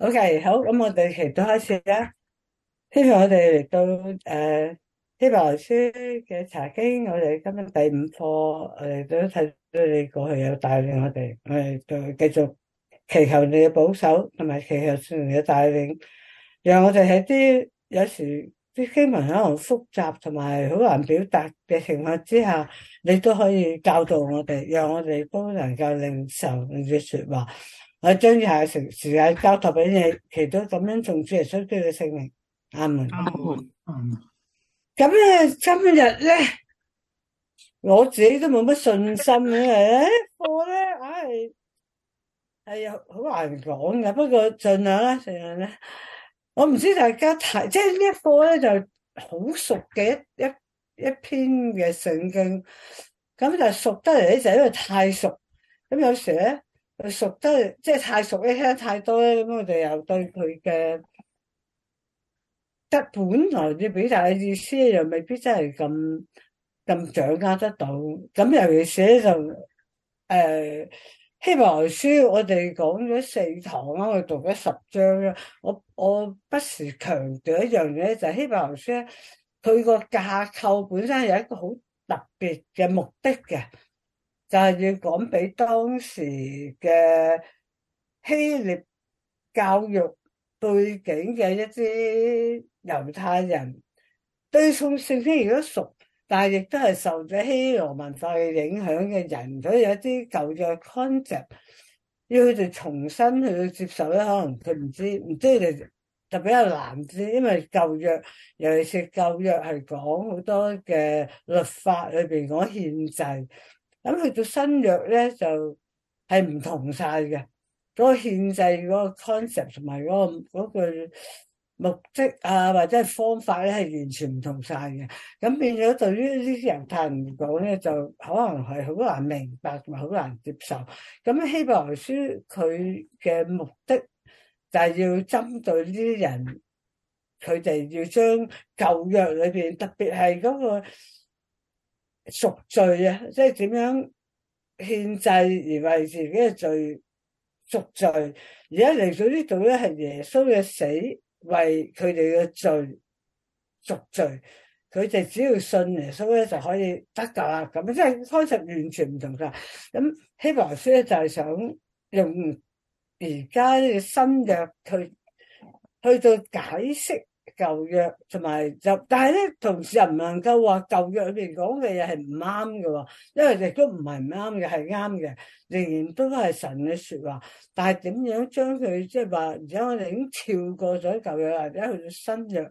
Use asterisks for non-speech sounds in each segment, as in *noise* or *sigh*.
OK，好，咁我哋祈禱開始啦。希望我哋嚟到誒希伯來書嘅查經，我哋今日第五課，我哋都睇到你過去有帶領我哋，我哋就繼續祈求你嘅保守，同埋祈求神嘅帶領。讓我哋喺啲有時啲經文可能複雜，同埋好難表達嘅情況之下，你都可以教導我哋，讓我哋都能夠領受你嘅說話。我將以下時時間交託俾你，祈禱咁樣從主嚟取佢嘅性命。阿門，阿門，嗯。咁咧，今日咧，我自己都冇乜信心。一呢課咧，唉、哎，係、哎、啊、哎，好難講噶。不過盡量啦、啊，成日咧。我唔知大家睇，即係呢一課咧，就好、是、熟嘅一一一篇嘅聖經。咁就熟得嚟咧，就因為太熟。咁有時咧。熟得即係太熟，一聽太多咧，咁我哋又對佢嘅即本來嘅表達嘅意思又未必真係咁咁掌握得到。咁尤其是就誒希伯來書，我哋講咗四堂啦，我讀咗十章啦，我我不時強調一樣嘢，就係希伯來書咧，佢個架構本身有一個好特別嘅目的嘅。就係要講俾當時嘅希臘教育背景嘅一啲猶太人，對宋聖經如果熟，但係亦都係受咗希羅文化嘅影響嘅人，所以有啲舊約 concept 要佢哋重新去接受咧，可能佢唔知，唔知就特別又難知，因為舊約尤其是舊約係講好多嘅律法裏邊講獻祭。咁去到新約咧，就係、是、唔同晒嘅，嗰、那個限制、嗰、那個 concept 同埋嗰個嗰、那個、目的啊，或者方法咧，係完全唔同晒嘅。咁變咗對於呢啲人嚟講咧，就可能係好難明白同埋好難接受。咁希伯來書佢嘅目的就係要針對呢啲人，佢哋要將舊約裏面，特別係嗰、那個。贖罪啊，即係點樣獻祭而為自己嘅罪贖罪。而家嚟到呢度咧，係耶穌嘅死為佢哋嘅罪贖罪。佢哋只要信耶穌咧，就可以得噶啦，啊。咁即係 concept 完全唔同噶。咁希伯來書咧就係想用而家嘅新嘅去去到解釋。舊約同埋就，但係咧，同時又唔能夠話舊約裏邊講嘅嘢係唔啱嘅，因為亦都唔係唔啱嘅，係啱嘅，仍然都係神嘅說話。但係點樣將佢即係話，而且我哋已經跳過咗舊約，或者去到新約。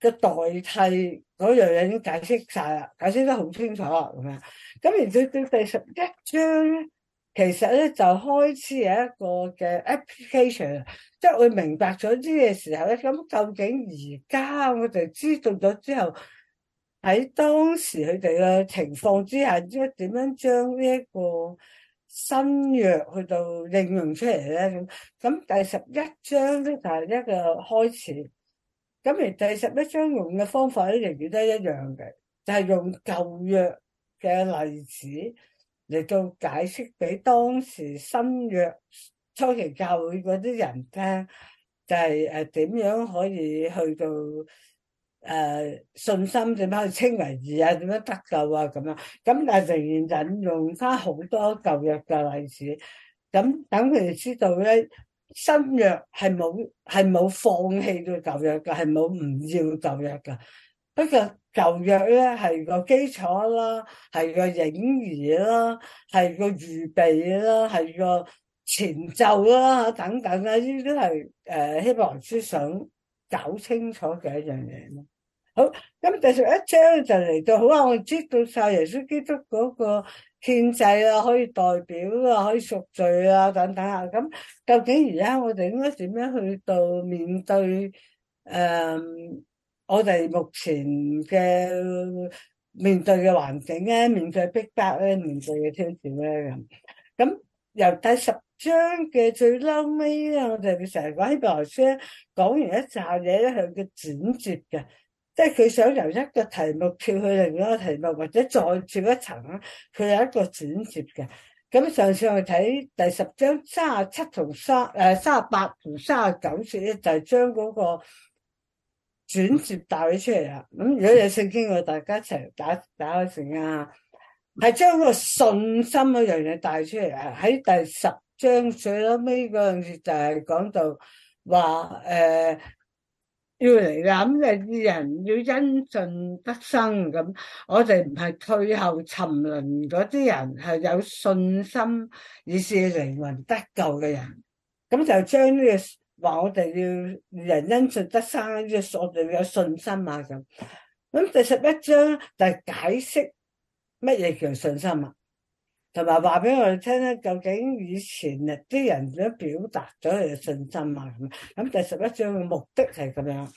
嘅代替嗰樣嘢已經解釋晒啦，解釋得好清楚咁樣。咁然之後第十一章咧，其實咧就開始有一個嘅 application，即係會明白咗啲嘢時候咧。咁究竟而家我哋知道咗之後，喺當時佢哋嘅情況之下，即係點樣將呢一個新約去到應用出嚟咧？咁咁第十一章咧就係一個開始。咁而第十一章用嘅方法咧仍然都係一樣嘅，就係用舊約嘅例子嚟到解釋俾當時新約初期教會嗰啲人聽，就係誒點樣可以去到誒信心，點樣去稱為義啊，點樣得救啊咁樣。咁但係仍然引用翻好多舊約嘅例子，咁等佢哋知道咧。新約係冇係冇放棄到舊約噶，係冇唔要舊約噶。不過舊約咧係個基礎啦，係個影儀啦，係個預備啦，係個前奏啦，等等啊，呢啲係誒希伯來書想搞清楚嘅一樣嘢咯。好，咁繼續一張就嚟到，好啊，我接到晒耶穌基督嗰、那個。建制啊，可以代表啊，可以贖罪啊，等等啊。咁究竟而家我哋應該點樣去到面對？誒，我哋目前嘅面對嘅環境咧，面對逼迫咧，面對嘅挑戰咧咁。咁由第十章嘅最嬲尾咧，我哋成日講希伯來書咧，講完一紮嘢咧，一向叫轉折嘅，即係佢想由一個題目跳去另一個題目，或者再跳一層，佢有一個轉折嘅。咁上次我睇第十章三十七同三，誒三十八同三十九節咧，就係將嗰個轉折帶咗出嚟啦。咁如果有聖經嘅，大家一齊打打開聖經啊下，係將個信心嗰樣嘢帶出嚟。啊喺第十章最尾嗰陣時，就係講到話誒。要嚟啦，咁就人要因信得生。咁我哋唔係退後沉淪嗰啲人，係有信心以示靈魂得救嘅人。咁就將呢、這個話、這個，我哋要人因信得生呢，我哋要有信心啊，咁。咁第十一章就係解釋乜嘢叫信心啊。同埋話俾我哋聽咧，究竟以前啊啲人點樣表達咗佢嘅信心啊？咁第十一章嘅目的係咁樣，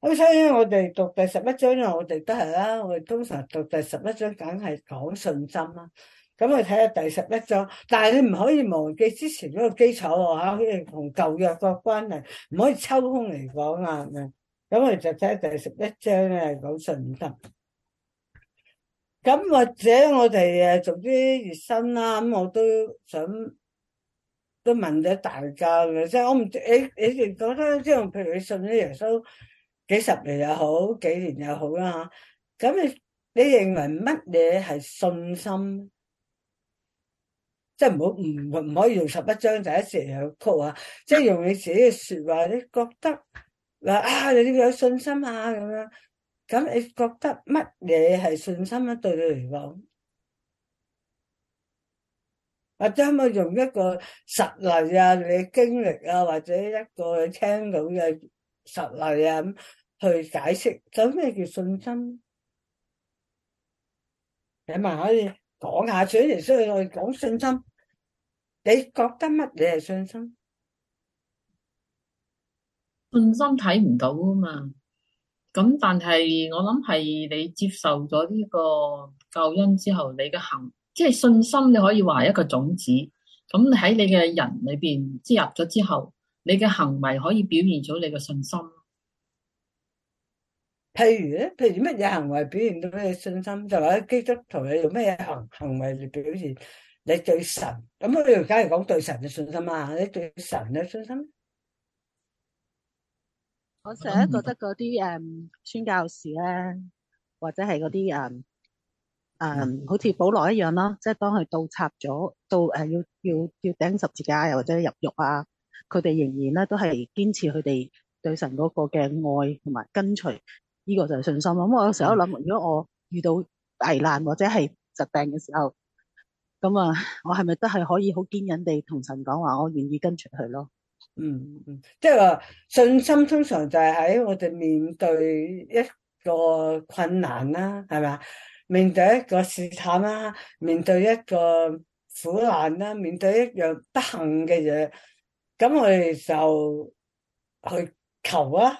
咁所以我哋讀第十一章咧，我哋都係啦，我哋通常讀第十一章梗係講信心啦。咁我睇下第十一章，但係你唔可以忘記之前嗰個基礎喎嚇，因為同舊約個關係，唔可以抽空嚟講啊。咁我哋就睇下第十一章咧，講信心。咁或者我哋誒做啲熱身啦，咁我都想都問咗大家，即係我唔知你哋覺得即係譬如你信咗耶穌幾十年又好，幾年又好啦，咁你你認為乜嘢係信心？即係唔好唔唔可以用十一章第一節去曲啊！即係用你自己嘅説話，你覺得嗱啊，你有信心啊咁樣。咁你覺得乜嘢係信心咧？對你嚟講，或者有冇用一個實例啊，你經歷啊，或者一個聽到嘅實例啊咁去解釋，咁咩叫信心？你咪可以講下，想嚟想去講信心，你覺得乜嘢係信心？信心睇唔到啊嘛～咁但係我諗係你接受咗呢個救恩之後，你嘅行即係、就是、信心，你可以話一個種子。咁喺你嘅人裏邊，即入咗之後，你嘅行為可以表現咗你嘅信心。譬如譬如乜嘢行為表現到你嘅信心？就喺基督同你做咩行行為嚟表現你對神咁？佢又梗係講對神嘅信心啊，你對神嘅信心？我成日覺得嗰啲誒宣教士咧，或者係嗰啲誒誒，好似保羅一樣咯，即係當佢倒插咗，到誒要要要頂十字架又或者入獄啊，佢哋仍然咧都係堅持佢哋對神嗰個嘅愛同埋跟隨，呢個就係信心囉。咁我有時一諗，如果我遇到危難或者係疾病嘅時候，咁啊，我係咪都係可以好堅忍地同神講話，我願意跟隨佢咯？嗯嗯，即係話信心通常就係喺我哋面對一個困難啦、啊，係咪？面對一個試探啦，面對一個苦難啦、啊，面對一樣不幸嘅嘢，咁我哋就去求啊，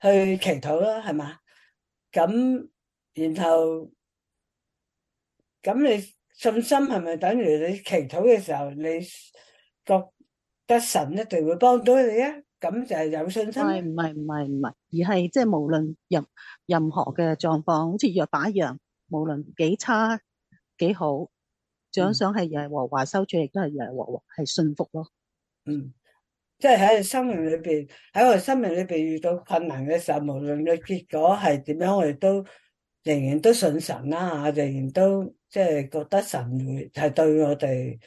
去祈禱啦、啊，係咪？咁然後咁你信心係咪等於你祈禱嘅時候你覺得神一定會幫到你啊！咁就係有信心。係唔係唔係唔係，而係即係無論任任何嘅狀況，好似約伯一樣，無論幾差幾好，賞賜係耶和華收取，亦都係耶和華係信服咯。嗯，即係喺生命裏邊，喺我哋生命裏邊遇到困難嘅時候，無論你結果係點樣，我哋都仍然都信神啦吓，仍然都即係覺得神會係對我哋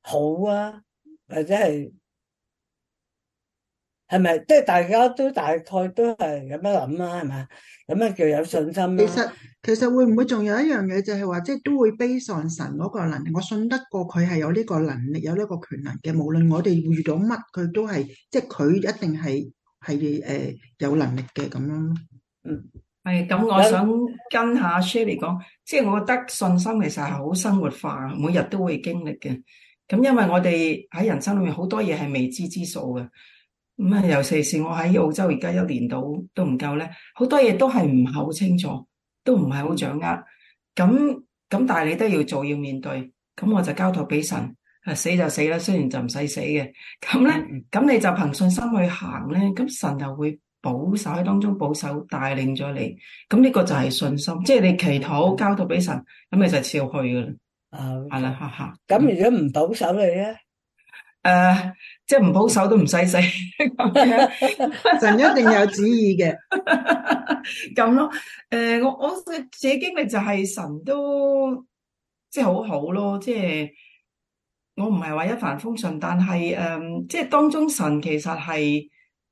好啊。或者係係咪？即係大家都大概都係咁樣諗啦，係咪？咁樣叫有信心？其實其實會唔會仲有一樣嘢，就係話即係都會 based on 神嗰個能力，我信得過佢係有呢個能力，有呢個權能嘅。無論我哋遇到乜，佢都係即係佢一定係係誒有能力嘅咁樣咯。嗯，係咁，我想跟下 Sherry 講，即係我覺得信心其實係好生活化，每日都會經歷嘅。咁因為我哋喺人生裏面好多嘢係未知之數嘅，咁啊，尤其是我喺澳洲而家一年到，都唔夠咧，好多嘢都係唔係好清楚，都唔係好掌握。咁咁但係你都要做，要面對。咁我就交託俾神，死就死啦，雖然就唔使死嘅。咁咧，咁你就憑信心去行咧，咁神就會保守喺當中，保守帶領咗你。咁呢個就係信心，即係你祈禱交託俾神，咁你就照去噶啦。係啦，咁、啊、如果唔、嗯呃，保守你咧，誒，即係唔保守都唔使死， *laughs* 神一定有旨意嘅，咁咯。誒、呃，我我自己經歷就係神都即係好好咯，即係我唔係話一帆風順，但係誒、呃，即係當中神其實係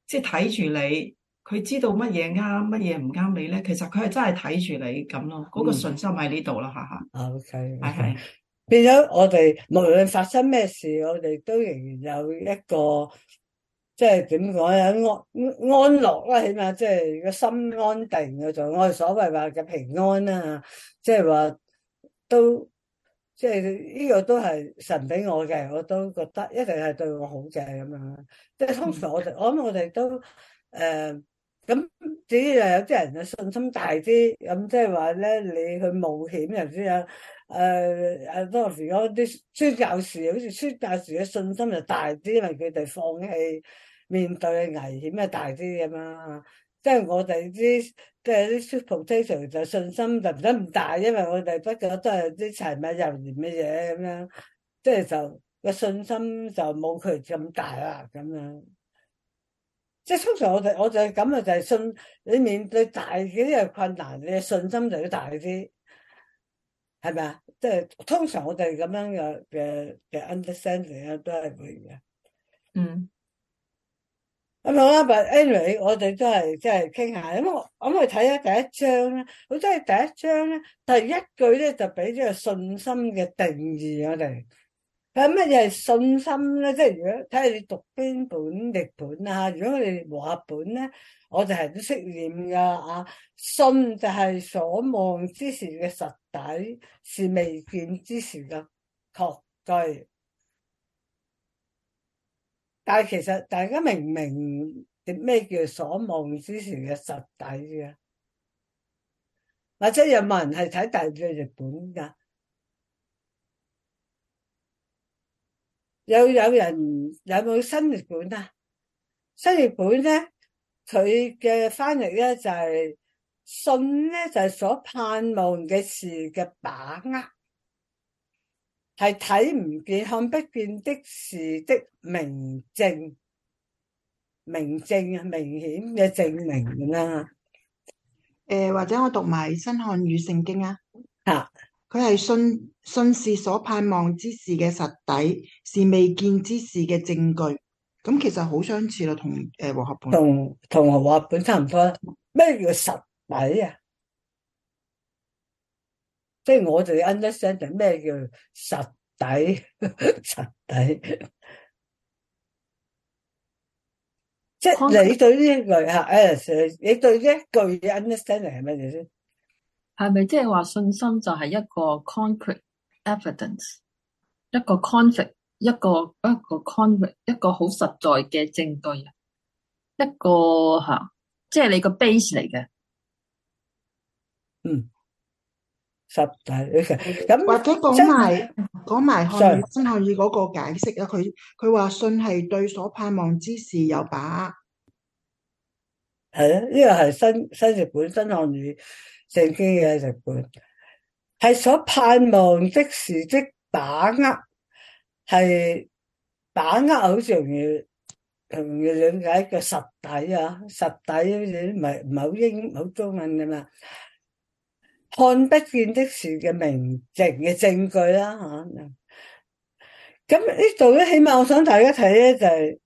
即係睇住你。佢知道乜嘢啱，乜嘢唔啱你咧？其實佢係真係睇住你咁咯，嗰個信心喺呢度啦，吓吓。OK，係係。變咗我哋無論發生咩事，我哋都仍然有一個，即係點講咧？安安樂啦，起碼即係個心安定嘅就我哋所謂話嘅平安啦，即係話都，即係呢個都係神俾我嘅，我都覺得一定係對我好嘅咁樣。即係通常我哋，我諗我哋都誒。咁至於又有啲人嘅信心大啲，咁即係話咧，你去冒險又點啊？誒、就、誒、是，當時嗰啲宣教士，好似宣教士嘅信心就大啲，因為佢哋放棄面對危險又大啲咁啊。即、就、係、是、我哋啲即係啲 professional 就信心就唔得唔大，因為我哋不過都係啲柴米油鹽嘅嘢咁樣，即係就嘅、是、信心就冇佢咁大啦咁樣。即係通常我哋我這樣就係咁啊，就係信你面對大嘅呢個困難，你嘅信心就要大啲，係咪啊？即係通常我哋咁樣嘅嘅嘅 understanding 都係會嘅。嗯。咁好啦，但係 anyway，我哋都係即係傾下。咁我咁去睇下第一章咧。好，真係第一章咧，第一句咧就俾咗個信心嘅定義我哋。有乜嘢係信心咧？即係如果睇下你讀邊本譯本啊？如果我哋和合本咧，我就係都識念噶啊！信就係所望之事嘅實底，是未見之事嘅確據。但係其實大家明唔明咩叫所望之事嘅實底嘅、啊？或者有冇人係睇大嘅譯本噶？有有人有冇新譯本啊？新譯本咧，佢嘅翻譯咧就係信咧就係所盼望嘅事嘅把握，係睇唔見、看不見的事的明證、明證啊、明顯嘅證明啦。誒，或者我讀埋新漢語聖經啊。啊。佢係信信是所盼望之事嘅實底，是未見之事嘅證據。咁其實好相似啦，同誒和合本同同和合本差唔多。咩叫實底啊？即係我哋 understand 咩、er、叫實底？ *laughs* 實底即係、就是、你對呢句係誒，Alice, 你對這句、er、是什麼呢句 understanding 係咩嘢先？係咪即係話信心就係一個 concrete evidence，一個 concrete 一個一個 concrete 一個好實在嘅證據啊？一個吓，即係、啊就是、你個 base 嚟嘅。嗯，實在，咁或者講埋講埋漢語新漢語嗰個解釋啊，佢佢話信係對所盼望之事有把握。係啊，呢個係新新譯本新漢語。正經嘅譯本，係所盼望的事的把握，係把握好重要，同要了解個實底啊，實底唔係唔係好英唔係好中文嘅嘛，看不見的事嘅明證嘅證據啦吓。咁呢度咧，起碼我想大家睇咧就係，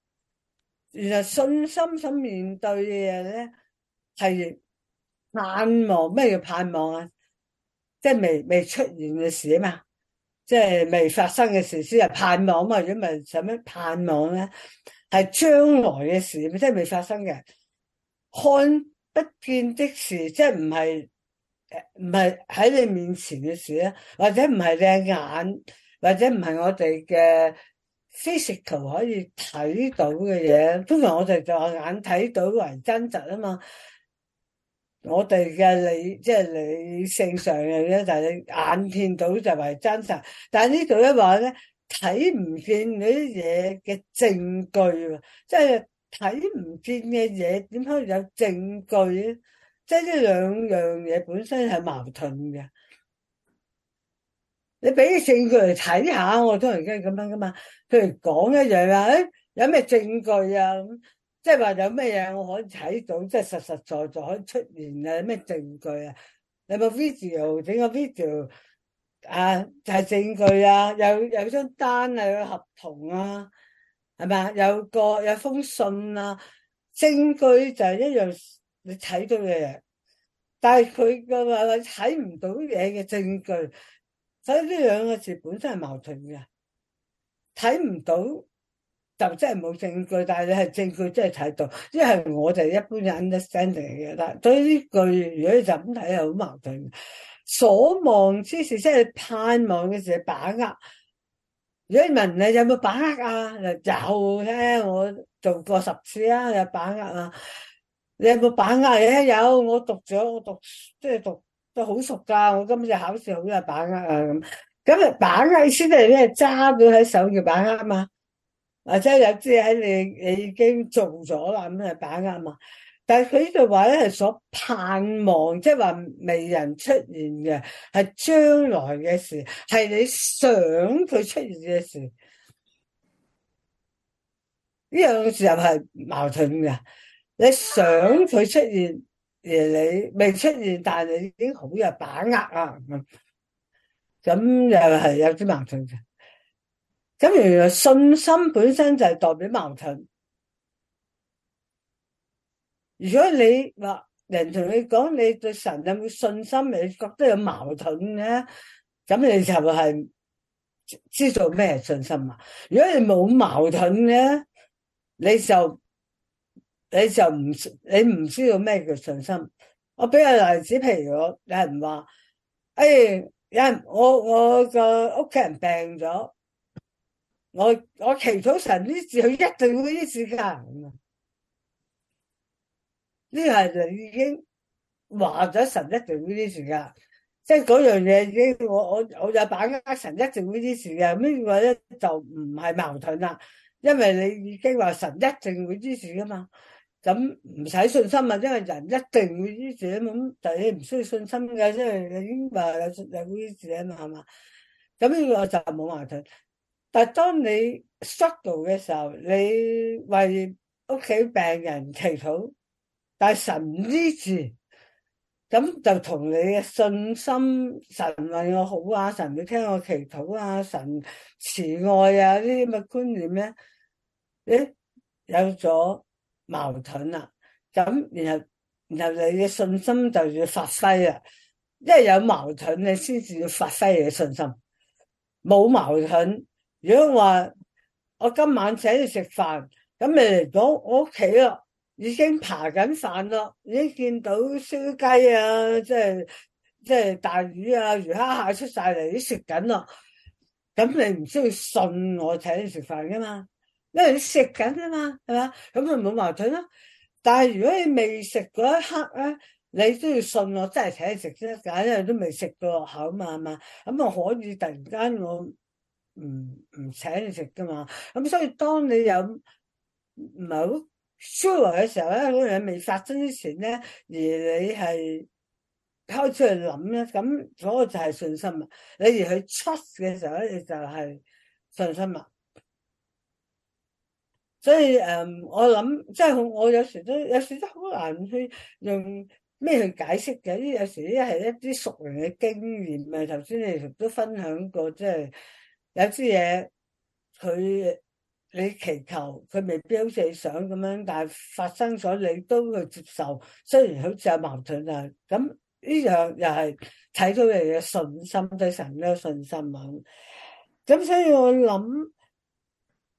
其實信心想面對嘅嘢咧係。盼望，咩叫盼望啊？即係未未出現嘅事嘛，即係未發生嘅事先係盼望嘛？如果唔係做咩盼望咧？係將來嘅事，即係未發生嘅，看不見的事，即係唔係唔係喺你面前嘅事咧，或者唔係你眼，或者唔係我哋嘅 physical 可以睇到嘅嘢。通常我哋就眼睇到為真實啊嘛。我哋嘅理即係、就是、理性上嘅啫，但係你眼見到就係真實。但係呢度一話咧，睇唔見嗰啲嘢嘅證據，即係睇唔見嘅嘢，點可以有證據咧？即係呢兩樣嘢本身係矛盾嘅。你俾啲證據嚟睇下，我當然梗係咁樣噶嘛。譬如講一樣嘢、哎，有咩證據啊？即係話有咩嘢我可以睇到，即係實實在在可以出現啊！咩證據啊？有部 video，整個 video 啊，就係、是、證據啊！有有張單啊，有合同啊，係咪？有個有封信啊，證據就係一樣你睇到嘅嘢。但係佢個話睇唔到嘢嘅證據，所以呢兩個字本身係矛盾嘅，睇唔到。就真係冇證據，但係你係證據真係睇到，因為我就一般人 understanding 嘅啦。但對呢句如果你就咁睇係好矛盾。所望之時，即係盼望嘅時候，把握。如果你問你有冇把握啊？有咧，我做過十次啦，有把握啊。你有冇把握嘅？有，我讀咗，我讀即係讀都好熟噶。我今次考試好有把握啊咁。咁啊，把握先係係揸咗喺手要把握嘛。啊，即係有啲喺你，你已經做咗啦，咁啊把握嘛。但係佢呢句話咧，係所盼望，即係話未來出現嘅，係將來嘅事，係你想佢出現嘅事。呢樣嘅時候係矛盾嘅，你想佢出現而你未出現，但係你已經好有把握啊。咁，又就係有啲矛盾嘅。咁原來信心本身就係代表矛盾。如果你話，人同你講，你對神有冇信心，你覺得有矛盾嘅，咁你就係知道咩信心啊？如果你冇矛盾嘅，你就你就唔你唔知道咩叫信心。我俾個例子，譬如，我有人話，誒、哎，有人我我個屋企人病咗。我我祈禱神呢事，佢一定會呢事噶。呢個係就已經話咗神一定會呢事噶，即係嗰樣嘢已經我我我有把握神一定會呢事噶。咁呢個咧就唔係矛盾啦，因為你已經話神一定會呢事噶嘛。咁唔使信心啊，因為人一定會呢事啊嘛。咁但係你唔需要信心嘅，即係你已經話有有會呢事啊嘛。係嘛。咁呢個就冇矛盾。但係當你摔倒嘅時候，你為屋企病人祈禱，但係神唔支持，咁就同你嘅信心，神為我好啊，神要聽我祈禱啊，神慈愛啊，呢啲咁嘅觀念咧，誒有咗矛盾啦，咁然後然後你嘅信心就要發揮啊，因為有矛盾你先至要發揮你嘅信心，冇矛盾。如果話我今晚請你食飯，咁你嚟到我屋企啦，已經爬緊飯啦，已經見到燒雞啊，即係即係大魚啊，魚蝦蟹出晒嚟，都食緊啦。咁你唔需要信我請你食飯噶嘛，因為你食緊啊嘛，係嘛，咁咪冇矛盾啦。但係如果你未食嗰一刻咧，你都要信我真係請你食先，因為都未食到入口嘛，係嘛，咁啊可以突然間我。唔唔，唔請你食噶嘛？咁所以當你有唔係好 sure 嘅時候咧，嗰樣未發生之前咧，而你係拋出去諗咧，咁、那、嗰個就係信心。你而去 trust 嘅時候咧，你就係信心物。所以誒，我諗即係我有時都有時都好難去用咩去解釋嘅。有有時是一係一啲熟人嘅經驗咪頭先你也都分享過，即係。有啲嘢，佢你祈求佢未必好似你想咁樣，但係發生咗你都會接受，雖然好似有矛盾啊。咁呢樣又係睇到你嘅信心，對神嘅信心啊。咁所以我諗，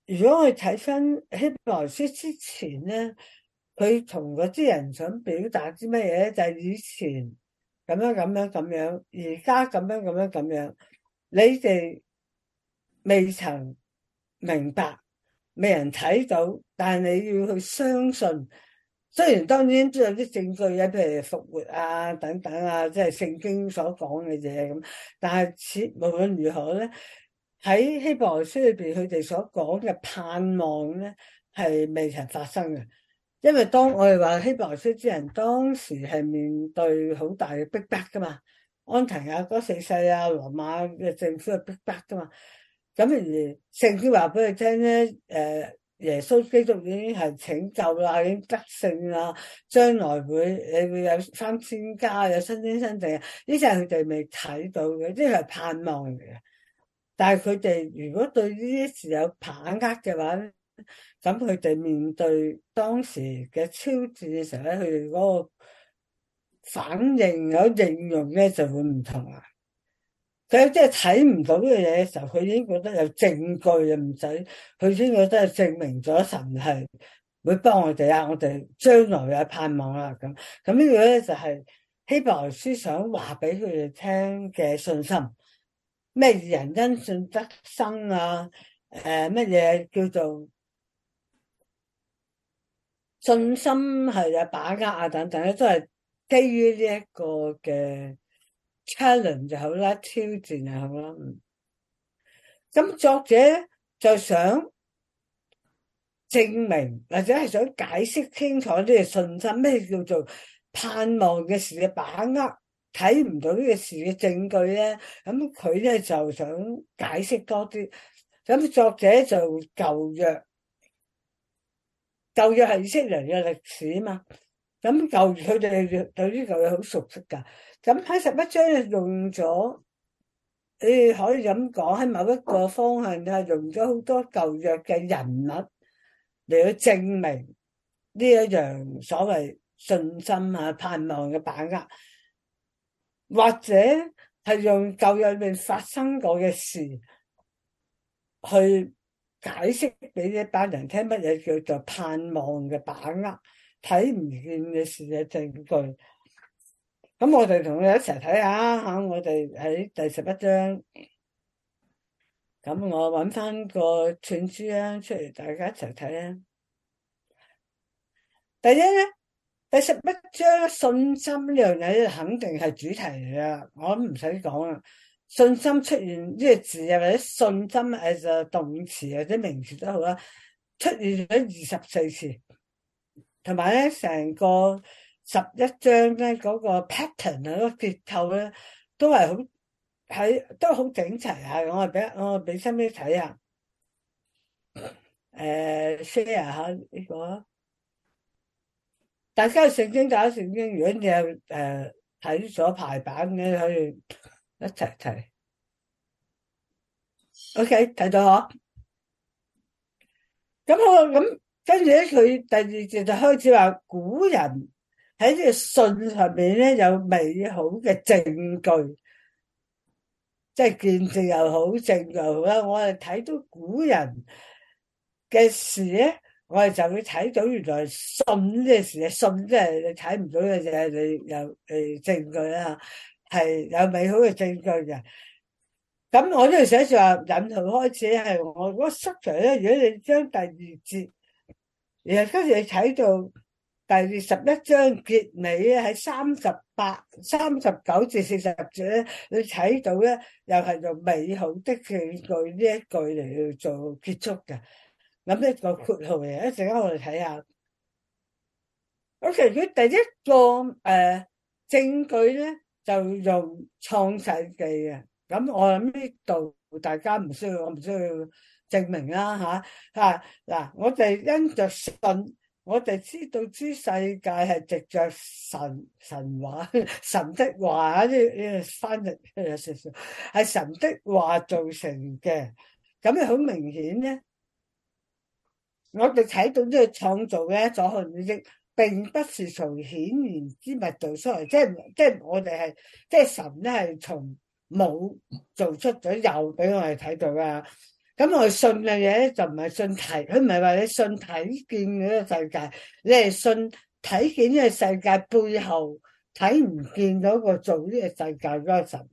如果我睇翻希伯來書之前咧，佢同嗰啲人想表達啲乜嘢咧，就係以前咁樣咁樣咁樣，而家咁樣咁樣咁樣，你哋。未曾明白，未人睇到，但係你要去相信。雖然當然都有啲證據，有譬如復活啊等等啊，即係聖經所講嘅嘢咁。但係此無論如何咧，喺希伯來書裏邊佢哋所講嘅盼望咧，係未曾發生嘅。因為當我哋話希伯來書之人當時係面對好大嘅逼迫噶嘛，安提阿古四世啊羅馬嘅政府係逼迫噶嘛。咁而聖經話俾佢聽咧，誒，耶穌基督已經係拯救啦，已經得勝啦，將來會你會有三千家，有新天新地，呢只係佢哋未睇到嘅，呢啲係盼望嘅。但係佢哋如果對呢啲事有把握嘅話，咁佢哋面對當時嘅超自然嘅時候咧，佢哋嗰個反應有應用咧就會唔同啊！佢即係睇唔到呢樣嘢嘅時候，佢已經覺得有證據啊，唔使佢先覺得係證明咗神係會幫我哋啊，我哋將來嘅盼望啊，咁。咁呢個咧就係希伯來書想話俾佢哋聽嘅信心，咩人因信則生啊？誒，乜嘢叫做信心係啊？把握啊，等等咧，都係基於呢一個嘅。challenge 就好啦，挑戰就好啦。咁作者就想證明，或者係想解釋清楚啲嘅信心，咩叫做盼望嘅事嘅把握，睇唔到呢個事嘅證據咧。咁佢咧就想解釋多啲。咁作者就舊約，舊約係以色列嘅歷史啊嘛。咁舊約，佢哋對呢舊約好熟悉噶。咁喺十一章用咗，你，可以咁講喺某一個方向啊，用咗好多舊約嘅人物嚟去證明呢一樣所謂信心啊、盼望嘅把握，或者係用舊約裏面發生過嘅事去解釋俾一班人聽乜嘢叫做盼望嘅把握，睇唔見嘅事嘅證據。咁我哋同佢一齊睇下，吓，我哋喺第十一章，咁我揾翻個串珠啊，出嚟，大家一齊睇啊！第一咧，第十一章信心呢樣嘢，肯定係主題嚟啊！我唔使講啦，信心出現呢個字啊，或者信心誒，就動詞或者名詞都好啦，出現咗二十四次，同埋咧成個。十一章咧，嗰、那個 pattern 啊，嗰個結構咧，都係好喺都好整齊下。我俾我俾心機睇下，誒 share 下呢個。大家成張搞成張，如果誒睇咗排版嘅，可以一齊睇。OK，睇到我。咁好，咁跟住咧，佢第二節就開始話古人。喺呢個信上面咧，有美好嘅證據，即係見證又好，證據又好啦。我哋睇到古人嘅事咧，我哋就會睇到原來信呢件事，信即係你睇唔到嘅嘢，你有誒證據啦，係有美好嘅證據嘅。咁我呢度寫住話引頭開始係我嗰 section 咧，如果你將第二節，然後跟住你睇到。第十章結尾喺三十八、三十九至四十節咧，你睇到咧，又係用美好的證據呢一句嚟去做結束嘅。咁呢個括號嚟，一陣間我哋睇下。咁其實，如果第一個誒證據咧，就用創世記嘅。咁我諗呢度大家唔需要，我唔需要證明啦，吓吓嗱，我哋因着信。我哋知道知世界係藉着神神話、神的話，翻日，有少少係神的話造成嘅，咁又好明顯咧。我哋睇到呢個創造嘅咧，咗去並並不是從顯然之物做出嚟，即係即係我哋係即係神咧係從冇做出咗又俾我哋睇到嘅。咁我信嘅嘢咧就唔係信睇，佢唔係話你信睇見呢個世界，你係信睇見呢個世界背後睇唔見嗰個造呢個世界嗰個神。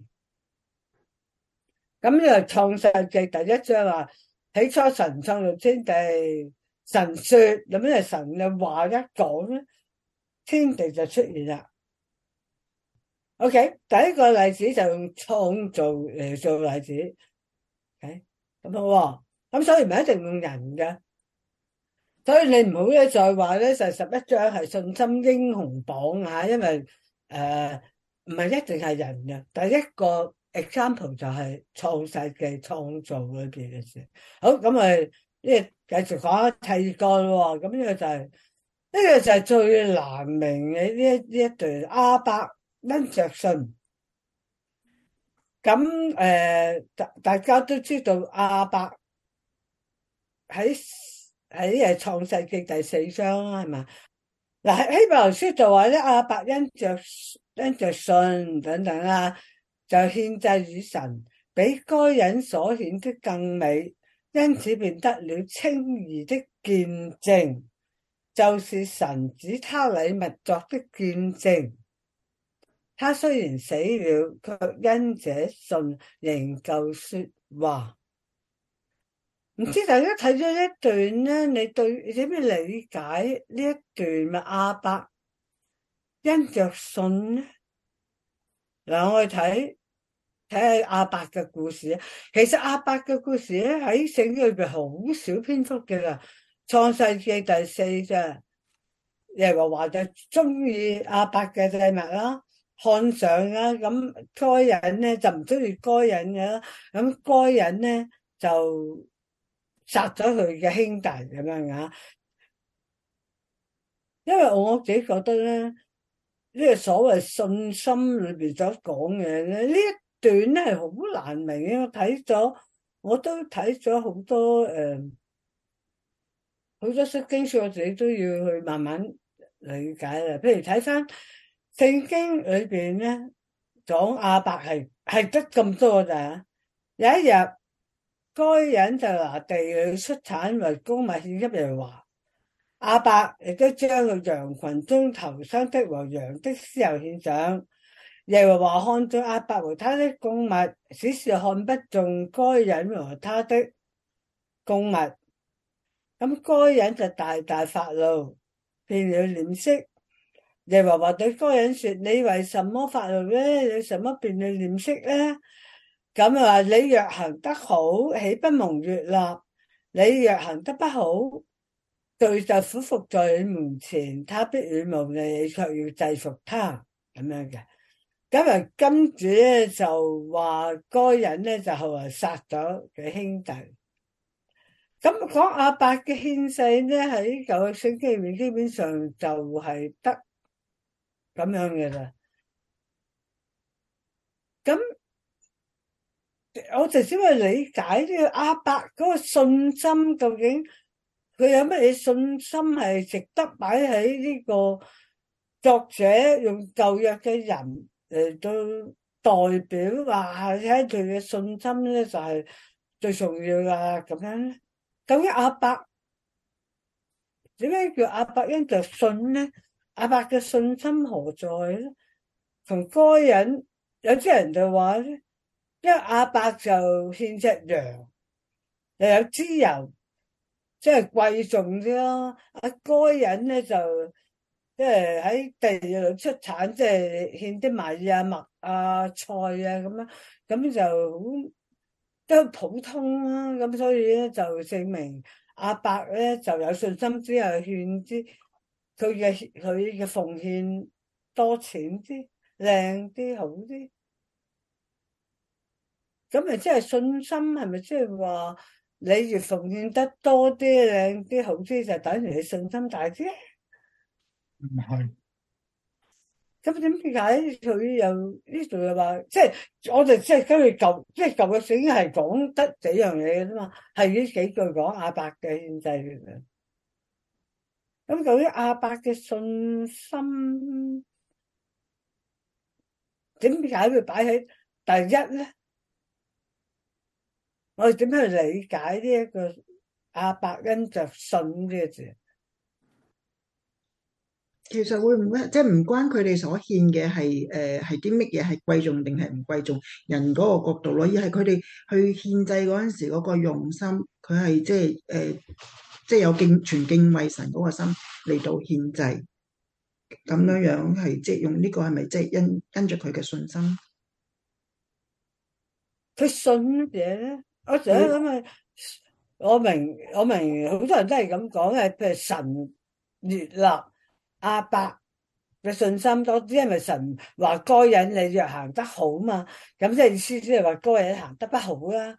咁呢個創世記第一章話，起初神創造天地，神說，咁呢個神嘅話一講，天地就出現啦。OK，第一個例子就用創造嚟做例子，OK。咁咯，咁所以唔係一定用人嘅，所以你唔好咧再話咧就十一章係信心英雄榜吓，因為誒唔係一定係人嘅，第一個 example 就係創世嘅創造裏邊嘅事。好，咁誒，即係繼續講第二個咯，咁呢個就係呢個就係最難明嘅呢一呢一段阿伯因着信。咁大、呃、大家都知道阿伯喺喺係創世記第四章啦，係嘛？嗱，希伯來書就話咧，阿伯因着因着信等等啦，就獻祭與神，比該人所獻的更美，因此便得了稱義的見證，就是神指他禮物作的見證。他雖然死了，卻因着信仍舊說話。唔知大家睇咗一段咧，你對點樣理解呢一段？咪阿伯因着信咧，嗱，我睇睇下阿伯嘅故事。其實阿伯嘅故事咧，喺聖經裏邊好少篇幅嘅啦，《創世記》第四嘅耶和華就中意阿伯嘅禮物啦。看上啊，咁該人咧就唔中意該人嘅，咁該人咧就殺咗佢嘅兄弟咁樣啊。因為我自己覺得咧，呢個所謂信心裏邊所講嘅咧，呢一段係好難明。我睇咗，我都睇咗好多誒，好多釋經書，我自己都要去慢慢理解啦。譬如睇翻。聖經裏邊咧，講阿伯係係得咁多咋？有一日，該人就拿地裏出產為供物獻給耶和華，一人話阿伯亦都將佢羊群中頭生的和羊的脂油獻上。耶和華看中阿伯和他的供物，只是看不中該人和他的供物，咁該人就大大發怒，變了臉色。耶和華話對嗰個人說：你為什麼發怒咧？你什麼變你臉色咧？咁又話你若行得好，豈不蒙悦納？你若行得不好，罪就苦服在你門前。他必戀慕你，你卻要制服他，咁樣嘅。咁啊，跟住咧就話嗰個人咧就係話殺咗佢兄弟。咁講亞伯嘅謙細咧喺舊約聖經裏，基本上就係得。咁樣嘅咋？咁我至少去理解呢個阿伯嗰個信心，究竟佢有乜嘢信心係值得擺喺呢個作者用舊約嘅人嚟到代表話喺佢嘅信心咧就係、是、最重要噶咁樣。究竟阿伯點解叫阿伯因就信咧？阿伯嘅信心何在咧？同該人有啲人就話咧，因為阿伯就獻隻羊，又有脂油，即係貴重啲咯、啊。阿該人咧就即係喺地度出產，即係獻啲米啊、麥啊、菜啊咁樣，咁就好都很普通啦、啊。咁所以咧就證明阿伯咧就有信心之後獻啲。獻佢嘅佢嘅奉獻多錢啲靚啲好啲，咁咪即係信心係咪即係話你越奉獻得多啲靚啲好啲，就等於你信心大啲。唔係。咁點解佢又呢度又話？即係我哋即係跟住舊即係舊嘅聖經係講得幾樣嘢嘅啫嘛，係呢幾句講阿伯嘅獻祭嘅。咁究竟阿伯嘅信心點解會擺喺第一咧？我哋點樣去理解呢一個阿伯恩着信嘅字？其實會唔會即係唔關佢哋所獻嘅係誒，係啲乜嘢係貴重定係唔貴重人嗰個角度咯，而係佢哋去獻祭嗰陣時嗰個用心，佢係即係誒。呃即係有敬全敬畏神嗰個心嚟到獻祭，咁樣樣係即係用呢個係咪即係因跟著佢嘅信心？佢信嘢咧，我成日諗啊！我明我明，好多人都係咁講嘅，譬如神悅納阿伯嘅信心多，因為神話該隱你若行得好嘛，咁即係意思，即係話該隱行得不好啦，啊，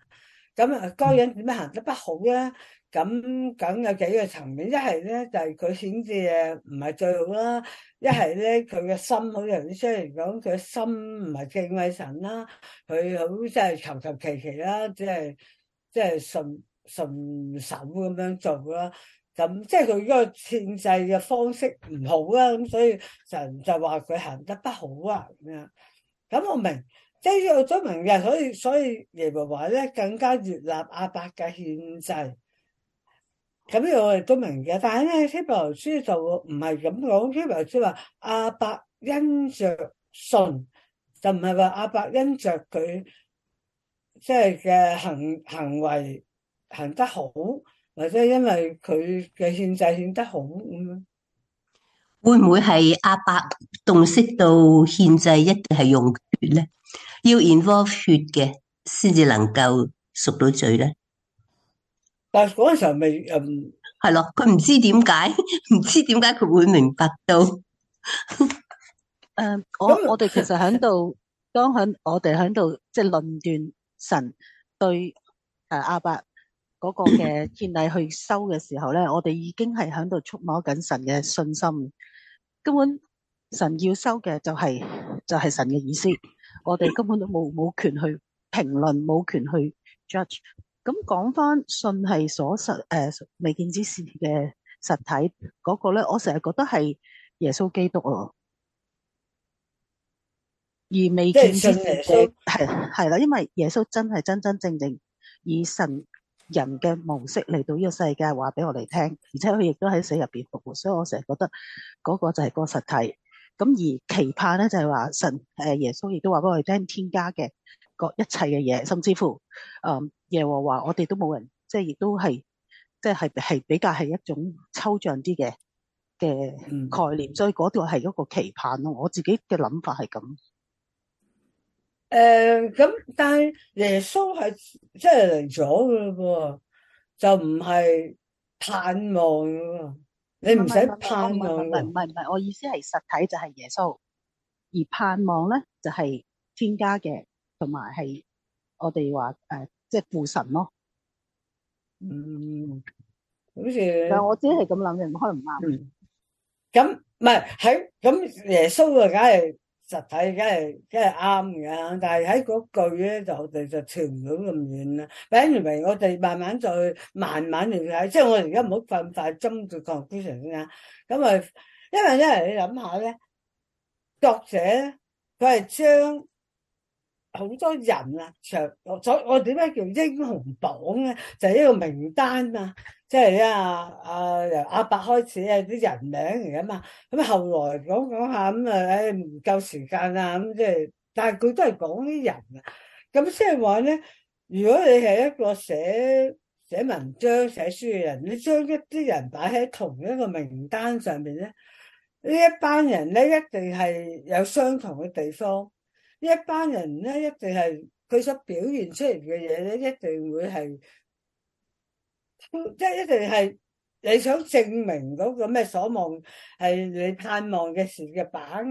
咁啊該隱點樣行得不好咧？嗯咁梗有幾個層面，一係咧就係佢顯示嘅唔係最好啦；一係咧佢嘅心，好似雖然講佢心唔係敬畏神啦，佢好即係求求其其啦，即係即係順順手咁樣做啦。咁即係佢個獻祭嘅方式唔好啦，咁所以神就話佢行得不好啊咁樣。咁我明，即係我都明嘅，所以所以耶和華話咧更加悅納亞伯嘅獻祭。咁我哋都明嘅，但係咧希伯來書就唔係咁講，希伯來書話阿伯因着信，就唔係話阿伯因着佢即係嘅行行為行得好，或者因為佢嘅獻祭獻得好咁樣。會唔會係阿伯洞悉到獻祭一定係用血咧？要 involve 血嘅先至能夠贖到罪咧？但嗰個時候未誒，係咯，佢唔知點解，唔知點解佢會明白到。誒、 *laughs* uh, 我，嗯、我我哋其實喺度，當喺我哋喺度即係論斷神對誒阿伯嗰個嘅獻禮去收嘅時候咧， *coughs* 我哋已經係喺度觸摸緊神嘅信心。根本神要收嘅就係、是、就係、是、神嘅意思，我哋根本都冇冇權去評論，冇權去 judge。咁講翻信係所實誒未見之事嘅實體嗰、那個咧，我成日覺得係耶穌基督咯，而未見之事係係啦，因為耶穌真係真真正正以神人嘅模式嚟到呢個世界話俾我哋聽，而且佢亦都喺死入邊復活，所以我成日覺得嗰個就係嗰個實體。咁而期盼咧就係、是、話神誒耶穌亦都話俾我哋聽天家嘅。各一切嘅嘢，甚至乎誒耶和華，我哋都冇人，即係亦都係，即係係比較係一種抽象啲嘅嘅概念，嗯、所以嗰度係一個期盼咯。我自己嘅諗法係咁。誒、嗯，咁但係耶穌係即係嚟咗噶啦噃，就唔係盼望。你唔使盼望，唔係唔係唔係，我意思係實體就係耶穌，而盼望咧就係添加嘅。同埋係我哋話誒，即係父神咯。嗯，好似但係我只係咁諗嘅，唔可能唔啱。嗯，咁唔係喺咁耶穌嘅，梗係實體，梗係梗係啱嘅。但係喺嗰句咧，就就就跳唔到咁遠啦。等住明，我哋慢慢再慢慢嚟睇。即係我而家唔好快快針對講非常啲嘢。咁啊，因為咧，你諗下咧，作者咧，佢係將。好多人啊，上所我點解叫英雄榜咧？就一個名單嘛，即係咧啊啊由阿伯開始啊啲人名嚟噶嘛，咁後來講講下咁啊，唉唔夠時間啊咁即係，但係佢都係講啲人啊。咁即係話咧，如果你係一個寫寫文章、寫書嘅人，你將一啲人擺喺同一個名單上邊咧，呢一班人咧一定係有相同嘅地方。一班人咧，一定係佢所表現出嚟嘅嘢咧，一定會係，即係一定係你想證明嗰個咩所望，係你盼望嘅事嘅把握，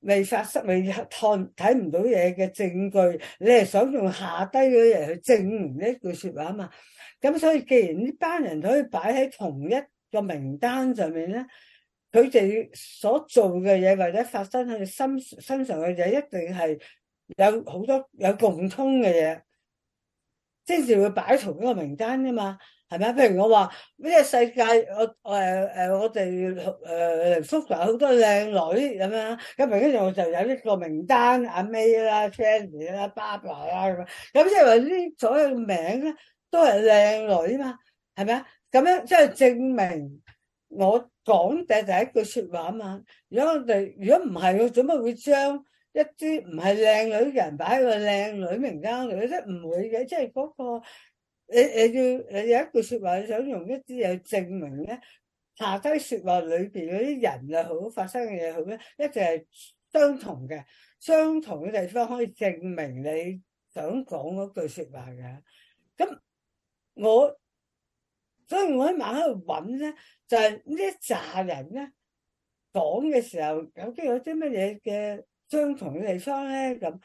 未發生，未探睇唔到嘢嘅證據，你係想用下低嘅嘢去證明呢句説話吖嘛？咁所以，既然呢班人可以擺喺同一個名單上面咧。佢哋所做嘅嘢，或者發生喺佢哋身上嘅嘢，一定係有好多有共通嘅嘢，先至會擺喺同一個名單啫嘛是，係咪？譬如我話咩、呢個、世界，我誒誒我哋誒 Facebook 好多靚女咁樣，咁，跟住我就有呢個名單，阿 May 啦、Fanny 啦、Barbara 啦咁，咁即係話呢所有名咧都係靚女嘛，係咪啊？咁樣即係證明我。講嘅第一句說話嘛，如果我哋如果唔係，我做乜會將一啲唔係靚女嘅人擺喺個靚女名單度？有啲唔會嘅，即係嗰個你你要有一句說話，你想用一啲嘢證明咧，查低說話裏邊嗰啲人又好，發生嘅嘢好咧，一定係相同嘅，相同嘅地方可以證明你想講嗰句說話嘅。咁我。所以我喺晚喺度揾咧，就係呢一扎人咧講嘅時候，究竟有啲乜嘢嘅相同嘅地方咧，咁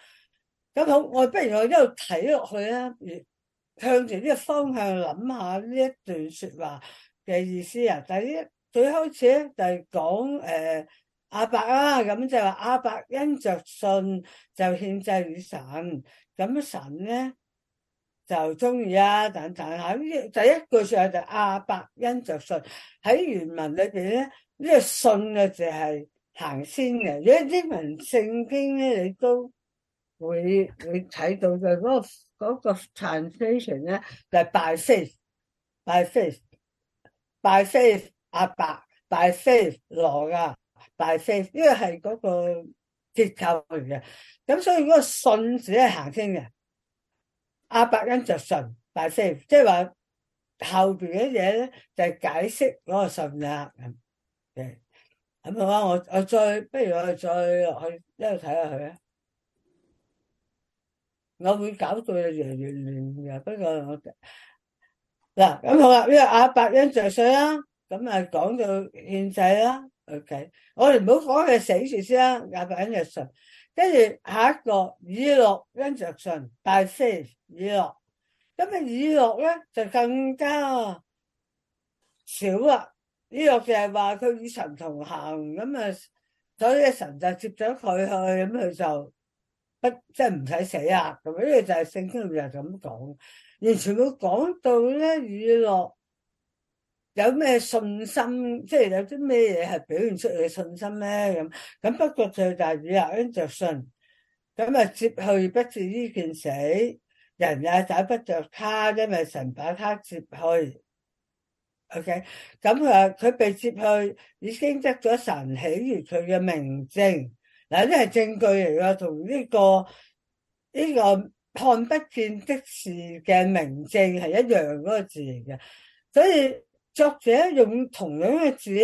咁好，我不如我一路睇落去啦，向住呢個方向諗下呢一段說話嘅意思啊。但係呢，最開始咧就係講誒阿伯啊，咁就話阿伯因着信就獻祭於神，咁神咧。就中意啊！但但喺第一句上就是，阿伯恩着信喺原文裏邊咧呢，這個信嘅字係行先嘅，因為英文聖經咧你都會會睇到嘅嗰嗰個、那個、translation 咧就是，by faith，by faith，by faith, faith 阿伯，by faith 羅啊，by faith，因為係嗰個結構嚟嘅，咁所以嗰個信字係行先嘅。阿伯恩著信，但係即係話後邊嘅嘢咧就係解釋嗰個信啊，咁誒，係咪啊？我我再不如我哋再落去一路睇下佢啊，我會搞到越嚟越亂嘅。不過嗱咁好啦，呢個阿伯恩著信啦，咁啊講到獻祭啦，OK，我哋唔好講佢死住先啦，阿伯恩著信。跟住下一個以諾因着信，大赦以諾。咁啊以諾咧就更加少啊！以諾就係話佢與神同行，咁啊所以神就接咗佢去，咁佢就不即係唔使死啊！咁呢個就係聖經就係咁講，完全冇講到咧以諾。有咩信心？即係有啲咩嘢係表現出你嘅信心咧？咁咁，不過最大主要咧就信，咁啊接去不至於見死，人也找不着他，因為神把他接去。O K，咁佢佢被接去已經得咗神喜悅佢嘅明證，嗱，呢係證據嚟㗎，同呢個呢個看不見的事嘅明證係一樣嗰個字嚟嘅，所以。作者用同樣嘅字，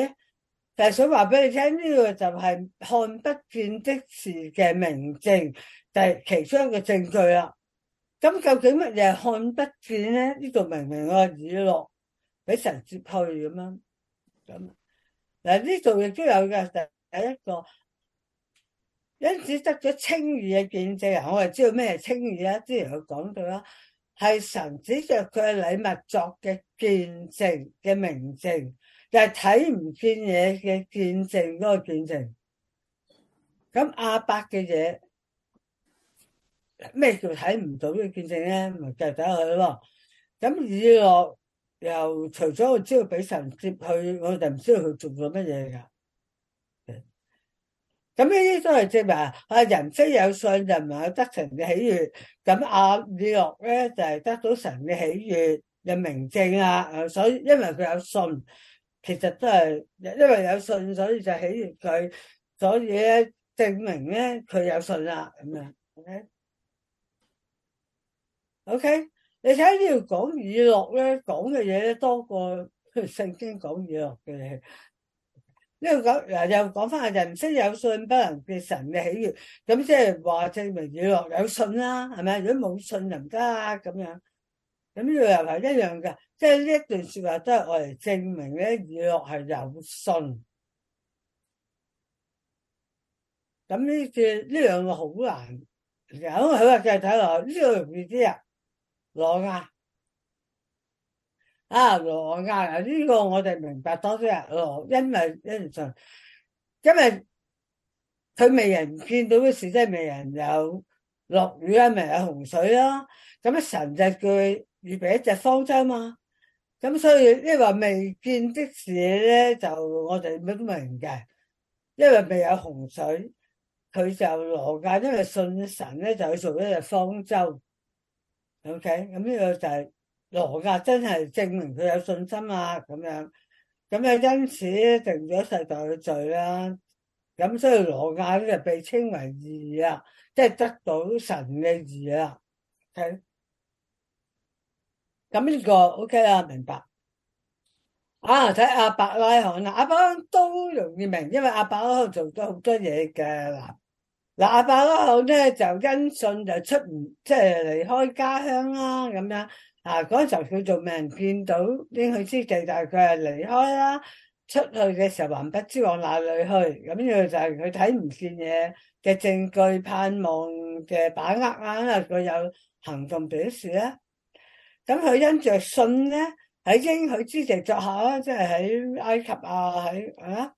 就係、是、想話俾你聽，呢、這個就係看不見的事嘅明證，就係、是、其中一個證據啦。咁究竟乜嘢係看不見呢？呢、這、度、個、明明暗示以諾，俾神接去咁樣。咁嗱，呢度亦都有嘅，第係一個，就是、一個因此得咗稱義嘅見證啊！我係知道咩係稱義啊，之前佢講到啦。係神指着佢嘅禮物作嘅見證嘅名證，就係睇唔見嘢嘅見證嗰、嗰個見證。咁亞伯嘅嘢咩叫睇唔到嘅見證咧？咪就睇佢咯。咁以諾又除咗我知道俾神接去，我就唔知道佢做咗乜嘢噶。咁呢啲都係證明啊！人非有信，人唔係得神嘅喜悦。咁阿以諾咧就係得到神嘅喜悦嘅明證啦。所以因為佢有信，其實都係因為有信，所以就喜悦佢。所以咧證明咧佢有信啦。咁樣，OK，OK，你睇呢條講以諾咧，講嘅嘢咧多過聖經講以諾嘅。呢個講嗱又講翻就係唔識有信不能嘅神嘅喜悅，咁即係話證明以諾有信啦，係咪？如果冇信就唔得啊，咁樣。咁呢度又係一樣噶，即係呢一段說話都係我嚟證明咧，以諾係有信。咁呢？呢兩個好難，有好啊，就係睇落呢個容易啲啊，攞㗎。啊，挪亞，啊呢個我哋明白多啲呀羅因為，因為，因為佢未人見到嘅事，即係未人有落雨啦，未有洪水啦。咁神就叫佢預備一隻方舟嘛。咁所以呢，話未見的事咧，就我哋都明嘅。因為未有洪水，佢就挪亞，因為信神咧就去造一隻方舟。OK，咁呢個就係。挪亞真係證明佢有信心啊，咁樣，咁啊因此定咗世代嘅罪啦，啊，咁所以挪亞咧就被稱為義啊，即係得到神嘅義啦。咁呢個 OK 啦，明白。啊，睇阿伯拉罕啦，阿伯都容易明白，因為阿伯拉罕做咗好多嘢嘅。嗱嗱，阿伯咧就因信就出唔即係離開家鄉啦，啊，咁樣。啊！嗰陣時候叫做未人見到應許之地，但係佢係離開啦。出去嘅時候還不知往哪裡去，咁樣就係佢睇唔見嘢嘅證據，盼望嘅把握啊！佢有行動表示啦。咁佢因著信咧，喺應許之地作客，即係喺埃及啊，喺啊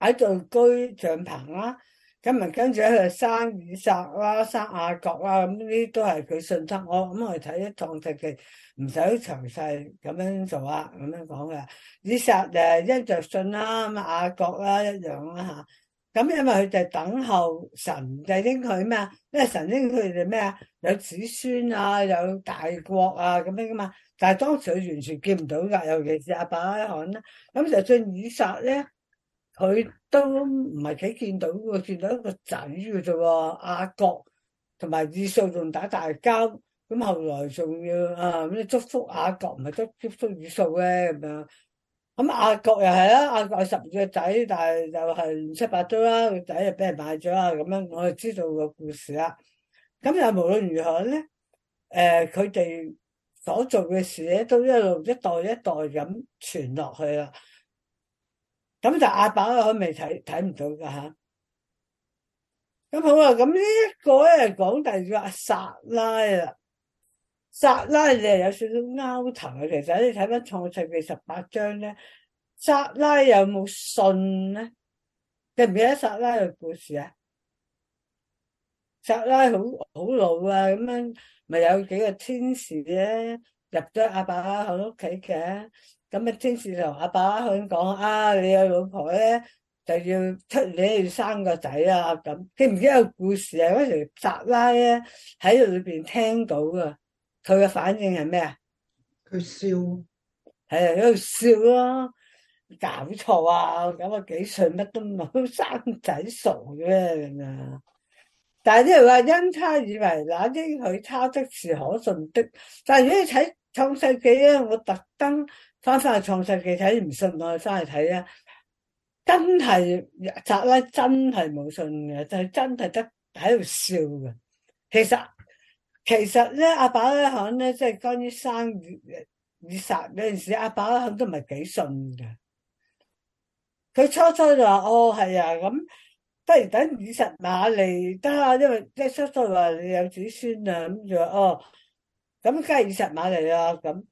喺度居帳篷啦。咁咪跟住咧，佢生以撒啦、啊，生雅各啦，咁呢啲都係佢信得我，咁我哋睇一趟就記，唔使好詳細咁樣做啊，咁樣講嘅。以撒誒因着信啦、啊，咁雅各啦一樣啦、啊、吓。咁因為佢就等候神，就應佢咩啊？因為神應佢哋咩啊？有子孫啊，有大國啊，咁樣噶嘛。但係當時佢完全見唔到噶，尤其是亞伯拉罕啦。咁就算以撒咧？佢都唔係幾見到喎，見到一個仔嘅啫喎，雅各同埋以掃仲打大交，咁後來仲要啊咁祝福雅各，唔係祝祝福以掃嘅，咁樣，咁雅各又係啦，雅各十二個仔，但係又係亂七八糟啦，個仔又俾人賣咗啦，咁樣我哋知道個故事啦。咁又無無論如何咧，誒佢哋所做嘅事咧，都一路一代一代咁傳落去啦。咁就阿爸可未睇睇唔到噶吓。咁、啊、好啊！咁呢一個咧，講第二個撒拉啊，撒拉你又有少少拗頭啊！其實你睇翻創世記十八章咧，撒拉有冇信咧？記唔記得撒拉嘅故事啊？撒拉好好老啊，咁樣咪有幾個天使咧、啊、入咗阿爸佢屋企嘅。咁啊！天使同阿爸爸響講啊，你有老婆咧就要出，你要生個仔啊！咁記唔記得個故事啊？嗰時薩拉咧喺度裏邊聽到噶，佢嘅反應係咩啊？佢笑，係啊，喺度笑咯，搞錯啊！咁啊，幾歲乜都冇，生仔傻嘅咁啊！但係啲人話因他以為那應許佢他的是可信的，但係如果你睇創世記咧，我特登。翻翻創世記睇，唔信我翻嚟睇啊！真係集咧，真係冇信嘅，就真係得喺度笑嘅。其實其實咧，阿爸咧講咧，即係關於生以以撒嗰陣時，阿爸咧講都唔係幾信嘅。佢初初就話：哦，係啊，咁不如等以實瑪利得啦，因為即係初初話你有子孫啊，咁就哦，咁梗係以實瑪利啦，咁。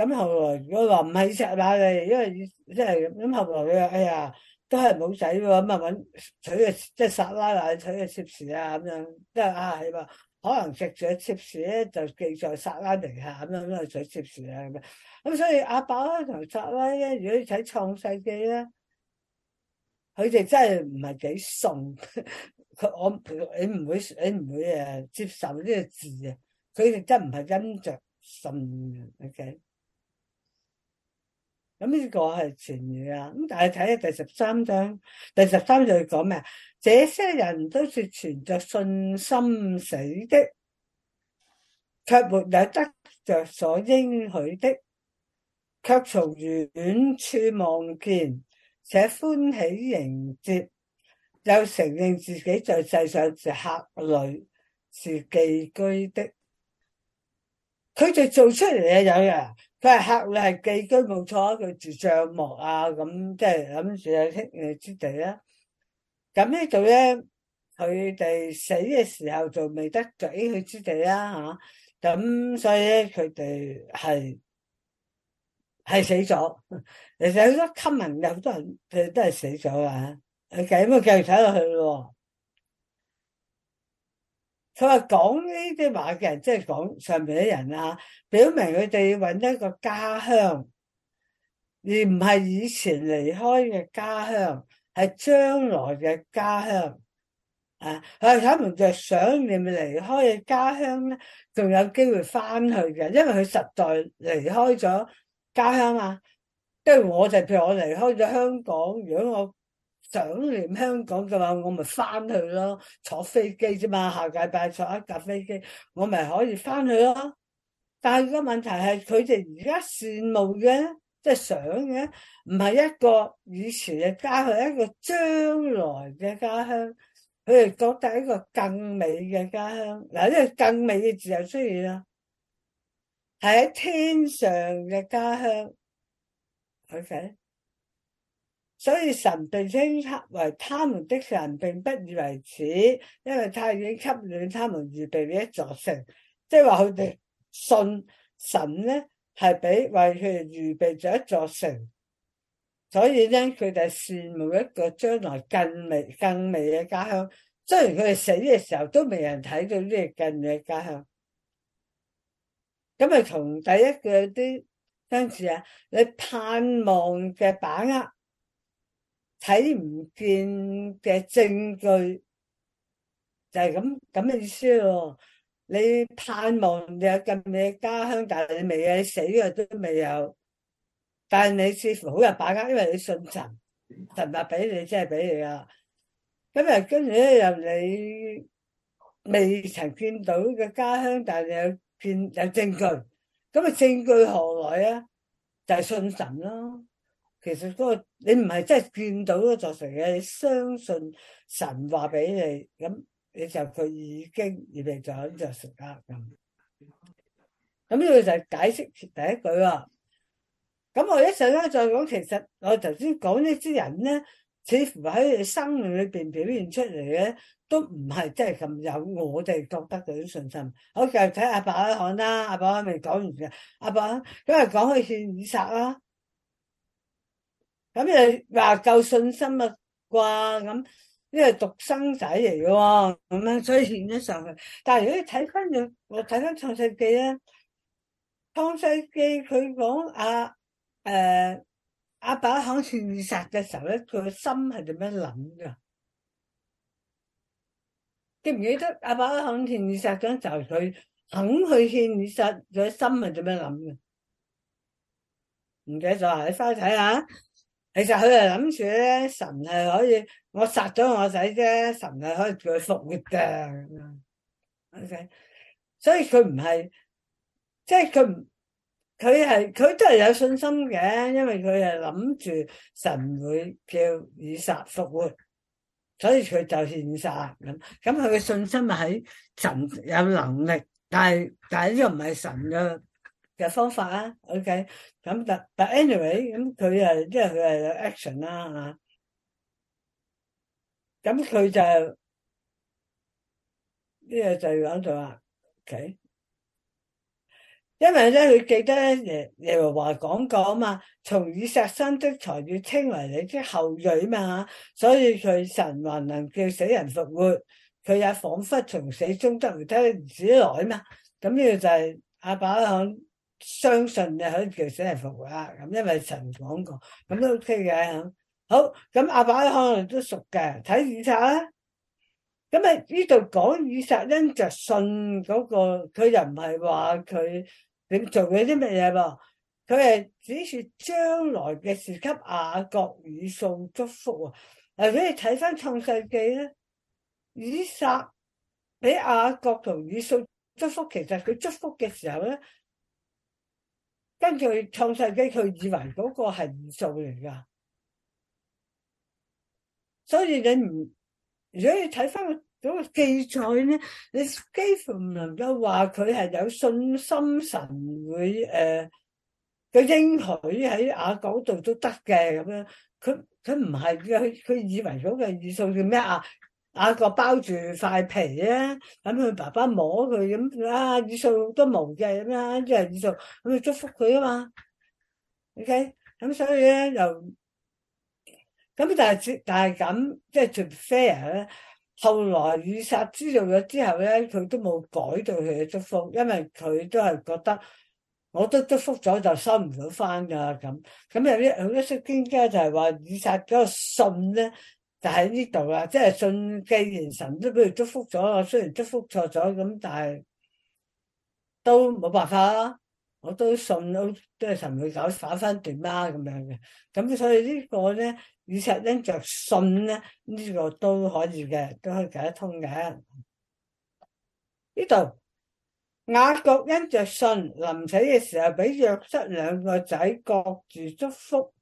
咁後來如果話唔係撒拉嘅，因為即係咁。咁後來佢話：哎呀，都係冇仔喎。咁啊揾取，個取個妾侍，啊，即係撒拉啊，取啊妾侍啊咁樣。即係啊，係喎。可能食咗妾侍咧，就記在撒拉名下咁樣咁啊，取妾侍啊咁。咁所以亞伯同撒拉咧，如果睇創世記咧，佢哋真係唔係幾順。佢我你唔會你唔會誒接受呢個字啊！佢哋真唔係跟着信。嘅。Okay? 咁呢個係前語啊！咁但係睇下第十三章，第十三就講咩？這些人都是存着信心死的，卻沒有得着所應許的；卻從遠處望見，且歡喜迎接，又承認自己在世上是客旅，是寄居的。佢哋做出嚟嘅有啊。佢係客，佢係寄居，冇錯啊！佢住帳幕啊，咁即係諗住去出地啦。咁呢度咧，佢哋死嘅時候就未得抵去之地啦，吓。咁所以咧，佢哋係係死咗。其實好多吸引嘅，好多人都係死咗噶。你繼續睇落去咯。佢話講呢啲話嘅人，即係講上邊啲人啊，表明佢哋要搵一個家鄉，而唔係以前離開嘅家鄉，係將來嘅家鄉。啊，佢睇唔就係想念離開嘅家鄉咧，仲有機會翻去嘅，因為佢實在離開咗家鄉啊。即係我就譬如我離開咗香港，如果我想念香港嘅話，我咪翻去咯，坐飛機啫嘛。下個禮拜坐一架飛機，我咪可以翻去咯。但係個問題係，佢哋而家羨慕嘅，即係想嘅，唔係一個以前嘅家鄉，係一個將來嘅家鄉。佢哋覺得一個更美嘅家鄉。嗱，呢個更美嘅字又出現啦，係喺天上嘅家鄉。OK。所以神被稱為他們的神，並不以為恥，因為他已經給與他們預備、就是、備了一座城，即係話佢哋信神咧，係俾為佢哋預備咗一座城。所以咧，佢哋係羨慕一個將來更美、更美嘅家鄉。雖然佢哋死嘅時候都未人睇到呢個更美嘅家鄉。咁啊，同第一句啲單詞啊，你盼望嘅把握。睇唔見嘅證據就係咁咁嘅意思咯。你盼望你有咁嘅家鄉，但係你未有，你死嘅都未有。但係你似乎好有把握，因為你信神，神話俾你真係俾你啊。咁啊，跟住咧又你未曾見到嘅家鄉，但係你有見有證據。咁啊，證據何來啊？就係、是、信神咯。其實嗰、那個你唔係真係見到座城嘅，你相信神話俾你，咁你就佢已經而嚟就係座城啦咁。咁呢個就係解釋第一句啦、啊。咁我一陣間再講，其實我頭先講呢啲人咧，似乎喺生命裏邊表現出嚟咧，都唔係真係咁有我哋覺得嗰啲信心。好，繼續睇亞伯拉罕啦，亞伯、啊，阿未講完嘅。亞伯拉罕，今日講佢獻以撒啦。.咁你話夠信心啊？啩咁，因為獨生仔嚟嘅喎，咁樣所以獻咗上去。但係如果你睇翻我睇翻《創世記》咧，《創世記》佢講阿誒阿爸肯獻以撒嘅時候咧，佢個心係點樣諗嘅？記唔記得阿爸肯獻以撒嘅時候，佢肯，肯去獻以撒，佢心係點樣諗嘅？唔記得咗啊？你翻去睇下。其實佢係諗住咧，神係可以我殺咗我仔啫，神係可以叫佢復活嘅。O.K.，所以佢唔係，即係佢唔，佢係佢都係有信心嘅，因為佢係諗住神會叫以撒復活，所以佢就獻以撒咁。咁佢嘅信心係喺神有能力，但係但係呢個唔係神咯。嘅方法啊，OK，咁就但 anyway，咁佢啊，即係佢係有 action 啦啊，咁佢就呢、這個就講到啦，OK，因為咧佢記得耶和華講過啊嘛，從以撒生的才要稱為你的後裔嘛，所以佢神還能叫死人復活，佢也仿佛從死中得而得子來嘛，咁呢個就係阿爸。向。相信你喺條水嚟服務咁，因為神講過，咁都 ok 嘅。好，咁阿爸可能都熟嘅，睇以撒啦。咁啊呢度講以撒因就信嗰、那個，佢又唔係話佢你做緊啲乜嘢噃？佢係只說將來嘅事，給雅各以掃祝福啊！嗱，如果你睇翻創世記咧，以撒俾雅各同以掃祝福，其實佢祝福嘅時候咧。根據創世記，佢以為嗰個係以掃嚟㗎，所以你唔，如果你睇翻嗰個記載咧，你幾乎唔能夠話佢係有信心神會誒嘅應許喺雅各度都得嘅咁樣，佢佢唔係嘅，佢佢以為嗰個以掃叫咩啊？阿個包住塊皮啊，咁佢爸爸摸佢咁啊，以掃都多毛嘅咁啦，跟住係以掃咁去祝福佢啊嘛，OK，咁所以咧就，咁但係但係咁即係 prefer 咧，fair, 後來以撒知道咗之後咧，佢都冇改到佢嘅祝福，因為佢都係覺得我都祝福咗就收唔到翻噶咁，咁有啲有啲聖經家就係話以撒嗰個信咧。但喺呢度啊！即係信，既然神都俾佢祝福咗，雖然祝福錯咗，咁但係都冇辦法啦。我都信都都係神會搞反翻轉啦咁樣嘅。咁所以呢個咧，以撒因着信咧，呢個都可以嘅，都可以解得通嘅。呢度雅各因着信，臨死嘅時候，俾約瑟兩個仔各自祝福。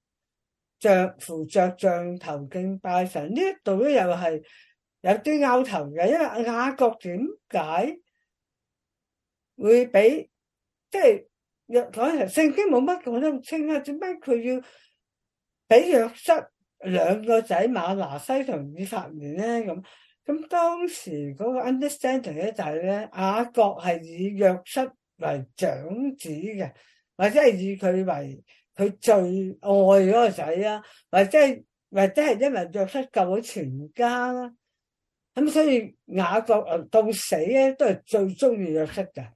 着扶着杖頭敬拜神，呢一度咧又係有啲拗頭嘅，因為雅各點解會俾即係若講聖經冇乜講得咁清咧？點解佢要俾約瑟兩個仔，嗯、馬拿西同以法蓮咧？咁咁當時嗰個 understanding 咧就係咧，雅各係以約瑟為長子嘅，或者係以佢為。佢最愛嗰個仔啦，或者係或者係因為約瑟救咗全家啦，咁所以雅各到死咧都係最中意約瑟嘅。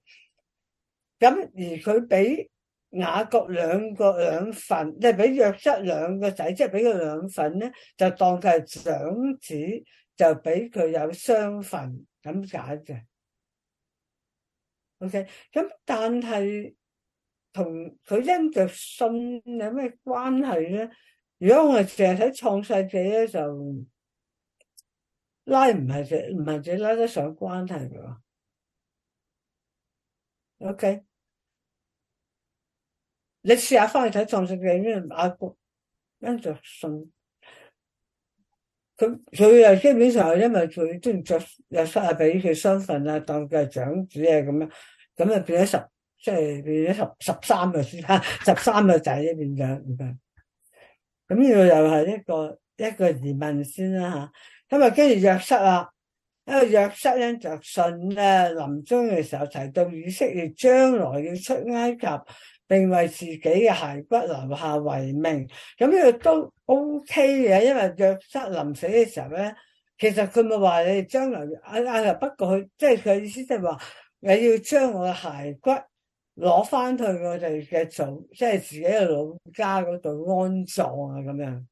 咁而佢俾雅各兩個兩份，即係俾約瑟兩個仔，即係俾佢兩份咧，就當佢係長子，就俾佢有雙份咁解嘅。OK，咁但係。同佢因着信有咩關係咧？如果我哋成日睇創世紀咧，就拉唔係唔係者拉得上關係嘅。OK，你試下翻去睇創世紀，咩雅各因着信，咁佢又基本上係因為佢，咪佢真着又失俾佢身份啊，當佢係長子啊咁樣，咁就變咗十。即係變咗十十三個，先十三個仔一邊咗咁。呢個又係一個一個疑問先啦吓。咁啊，跟住約瑟啦，因為約瑟咧就信啊臨終嘅時候提到，以色列將來要出埃及，並為自己嘅骸骨留下遺命。咁呢個都 O K 嘅，因為約瑟臨死嘅時候咧，其實佢咪話你將來啊啊，啊，不過佢即係佢意思即係話你要將我嘅骸骨。攞翻去我哋嘅祖，即係自己嘅老家嗰度安葬啊，咁樣。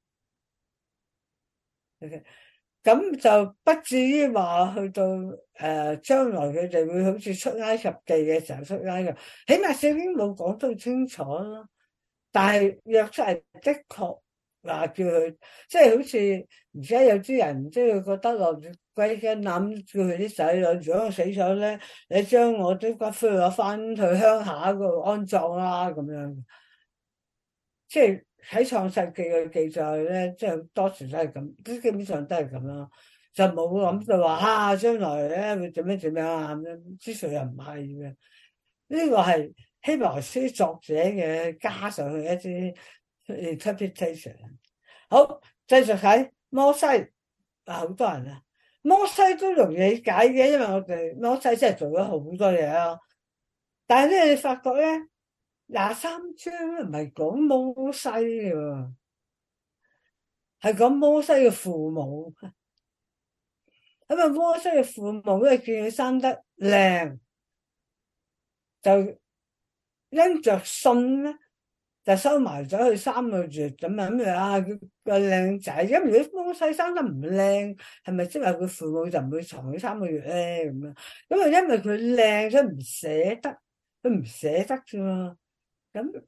咁、okay、就不至於話去到誒、呃、將來佢哋會好似出埃及嘅時候出埃及，起碼聖經冇講得清楚咯。但係約出嚟，的確壓住佢，即、就、係、是、好似而家有啲人即係覺得我。鬼嘅諗佢啲仔女，如果死咗咧，你將我啲骨灰攞翻去鄉下嗰度安葬啦，咁樣。即係喺創世紀嘅記載咧，即係多數都係咁，都基本上都係咁啦，就冇諗到話啊將來咧會點樣點樣啊咁樣，其實又唔係嘅。呢個係希伯來書作者嘅加上去一啲 interpretation。好，繼續睇摩西，好多人啊。摩西都容易解嘅，因為我哋摩西真係做咗好多嘢啊！但係咧，你發覺咧，廿三章唔係講摩西嘅，係講摩西嘅父母。咁啊，摩西嘅父母咧，見佢生得靚，就因着信咧。就收埋咗佢三個月咁樣啊！個靚仔，因為果東西生得唔靚，係咪即係佢父母就唔會藏佢三個月咧？咁樣，咁啊，因為佢靚，所以唔捨得，佢唔捨得啫嘛。咁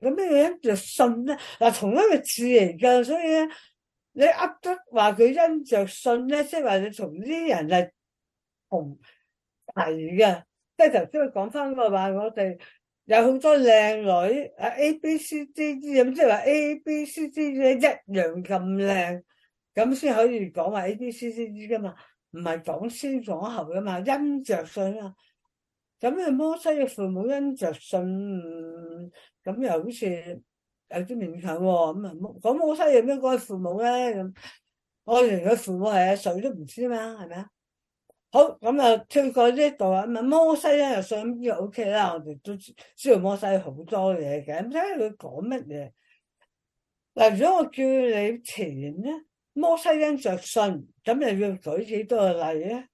咁佢因着信呢，嗱，同一個字嚟噶，所以咧，你呃得話佢因着信咧，即係話你同啲人係同大嘅，即係頭先佢講翻個話，我哋。有好多靚女啊，A B C D 咁即係話 A B C C 咧，一樣咁靚，咁先可以講話 A B C C D 噶嘛，唔係講先講後噶嘛，因着信啊，咁啊摩西嘅父母因着信，咁、嗯、又好似有啲勉強喎、啊，咁啊咁摩西又邊父母咧咁？我連佢父母係啊，誰都唔知啊嘛，係咪啊？好咁啊！跳過呢度啊，咁啊摩西因着信 OK 啦，我哋都知道摩西好多嘢嘅，睇佢講乜嘢。嗱，如果我叫你前咧，摩西因着信，咁又要舉幾多個例咧？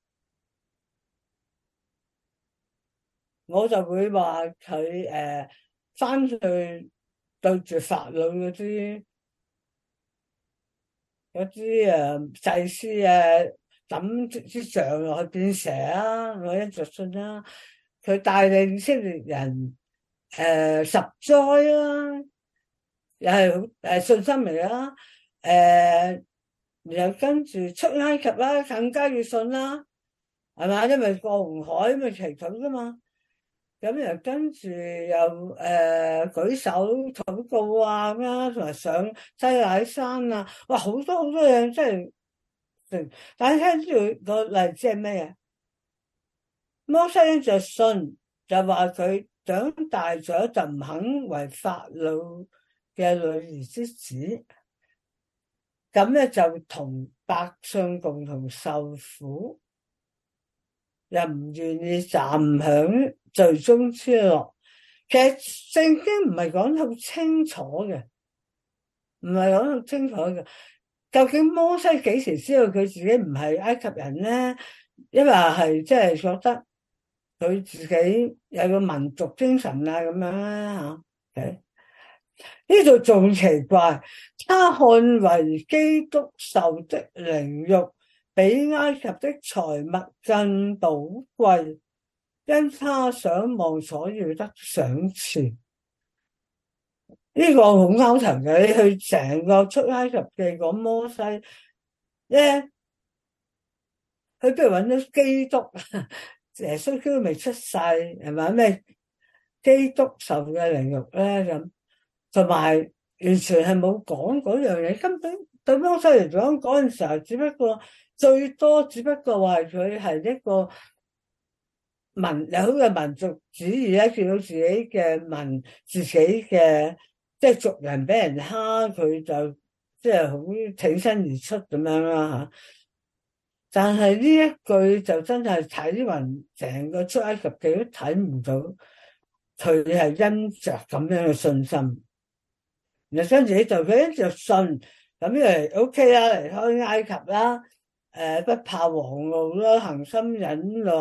我就會話佢誒，翻去對住法老嗰啲，嗰啲誒祭司啊。咁即上又去變蛇啊，我一着信啦、啊。佢帶領以色列人，誒、呃、十災啦、啊，又係誒信心嚟啦、啊呃。然又跟住出埃及啦、啊，更加要信啦、啊。係嘛？因為過紅海咪齊蠢噶嘛。咁又跟住又誒舉手禱告啊咁樣，同埋、啊、上西乃山啊，哇！好多好多嘢真係～但聽住個例子係咩嘢？摩西因就信，就話佢長大咗就唔肯為法老嘅女兒之子，咁咧就同百姓共同受苦，又唔願意暫享罪中之樂。其實聖經唔係講得好清楚嘅，唔係講得好清楚嘅。究竟摩西幾時知道佢自己唔係埃及人咧？因為係，即係覺得佢自己有個民族精神啊，咁樣啊嚇。呢度仲奇怪，他看為基督受的凌辱，比埃及的財物更寶貴，因他想望所要得賞賜。呢個紅牛神仔，佢成個出埃及嘅摩西咧，佢不如揾咗基督，耶穌基督未出世，係咪咩基督受嘅凌辱咧？咁同埋完全係冇講嗰樣嘢，根本對摩西嚟講嗰陣時候，只不過最多只不過話佢係一個民，好嘅民族主義咧，要有自己嘅民，自己嘅。即係族人俾人蝦，佢就即係好挺身而出咁樣啦嚇。但係呢一句就真係睇完成個出埃及記都睇唔到，佢係因着咁樣嘅信心，然後接住就因著信咁嚟 O K 啦，離、OK 啊、開埃及啦、啊，誒、呃、不怕王怒啦，恒心忍耐，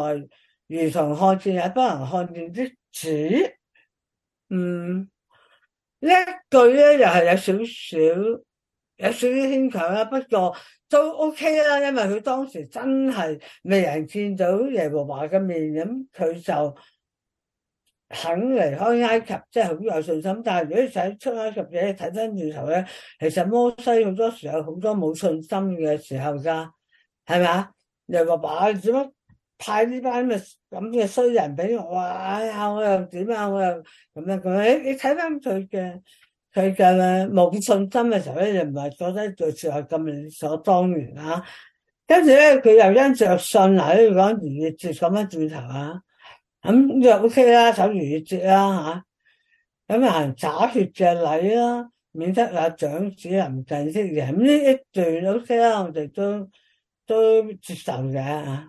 如同看見也不能看見啲主，嗯。呢一句咧，又係有少少有少少牽強啦，不過都 OK 啦，因為佢當時真係未能見到耶和華嘅面，咁、嗯、佢就肯離開埃及，即係好有信心。但係如果你使出埃及嘅睇翻轉頭咧，其實摩西好多時候好多冇信心嘅時候噶，係咪啊？耶和華知咩？派呢班咁嘅衰人俾我，哎呀，我又點啊，我又咁樣咁樣。你你睇翻佢嘅，佢嘅冇信心嘅時候咧，就唔係覺得做事係咁理所當然啦。跟住咧，佢又因着信禮講講如月節咁樣轉頭啊，咁、嗯、就 ok 啦、啊，首如月節啦咁行詐血借禮啦、啊，免得呀長子唔珍式嘅，咁、嗯、呢一段 ok 啦、啊，我哋都都接受嘅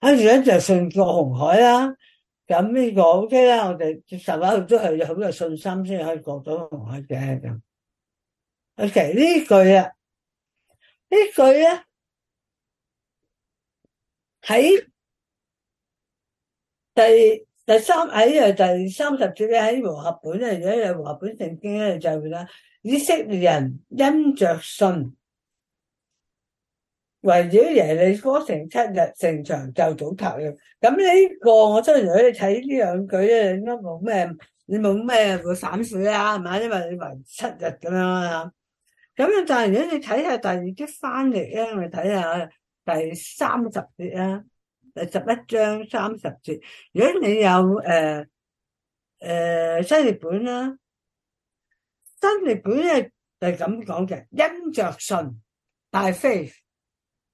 跟住咧就信過紅海啦，咁呢個 O K 啦，我哋十八都係好有信心先可以過到紅海嘅。O K 呢句啊，呢句咧喺第第三喺啊第三十節喺和合本咧，有一日和合本聖經咧就話：以色列人因着信。或者耶利哥城七日城牆就倒塌了，咁呢個我真係如果你睇呢兩句咧，你應該冇咩，你冇咩會散水啊，係嘛？因為你話七日咁樣啦，咁樣但係如果你睇下第二節翻嚟咧，我睇下第三十節啊，第十一章三十節，如果你有誒誒新譯本啦，新譯本咧係咁講嘅，因著信，by faith。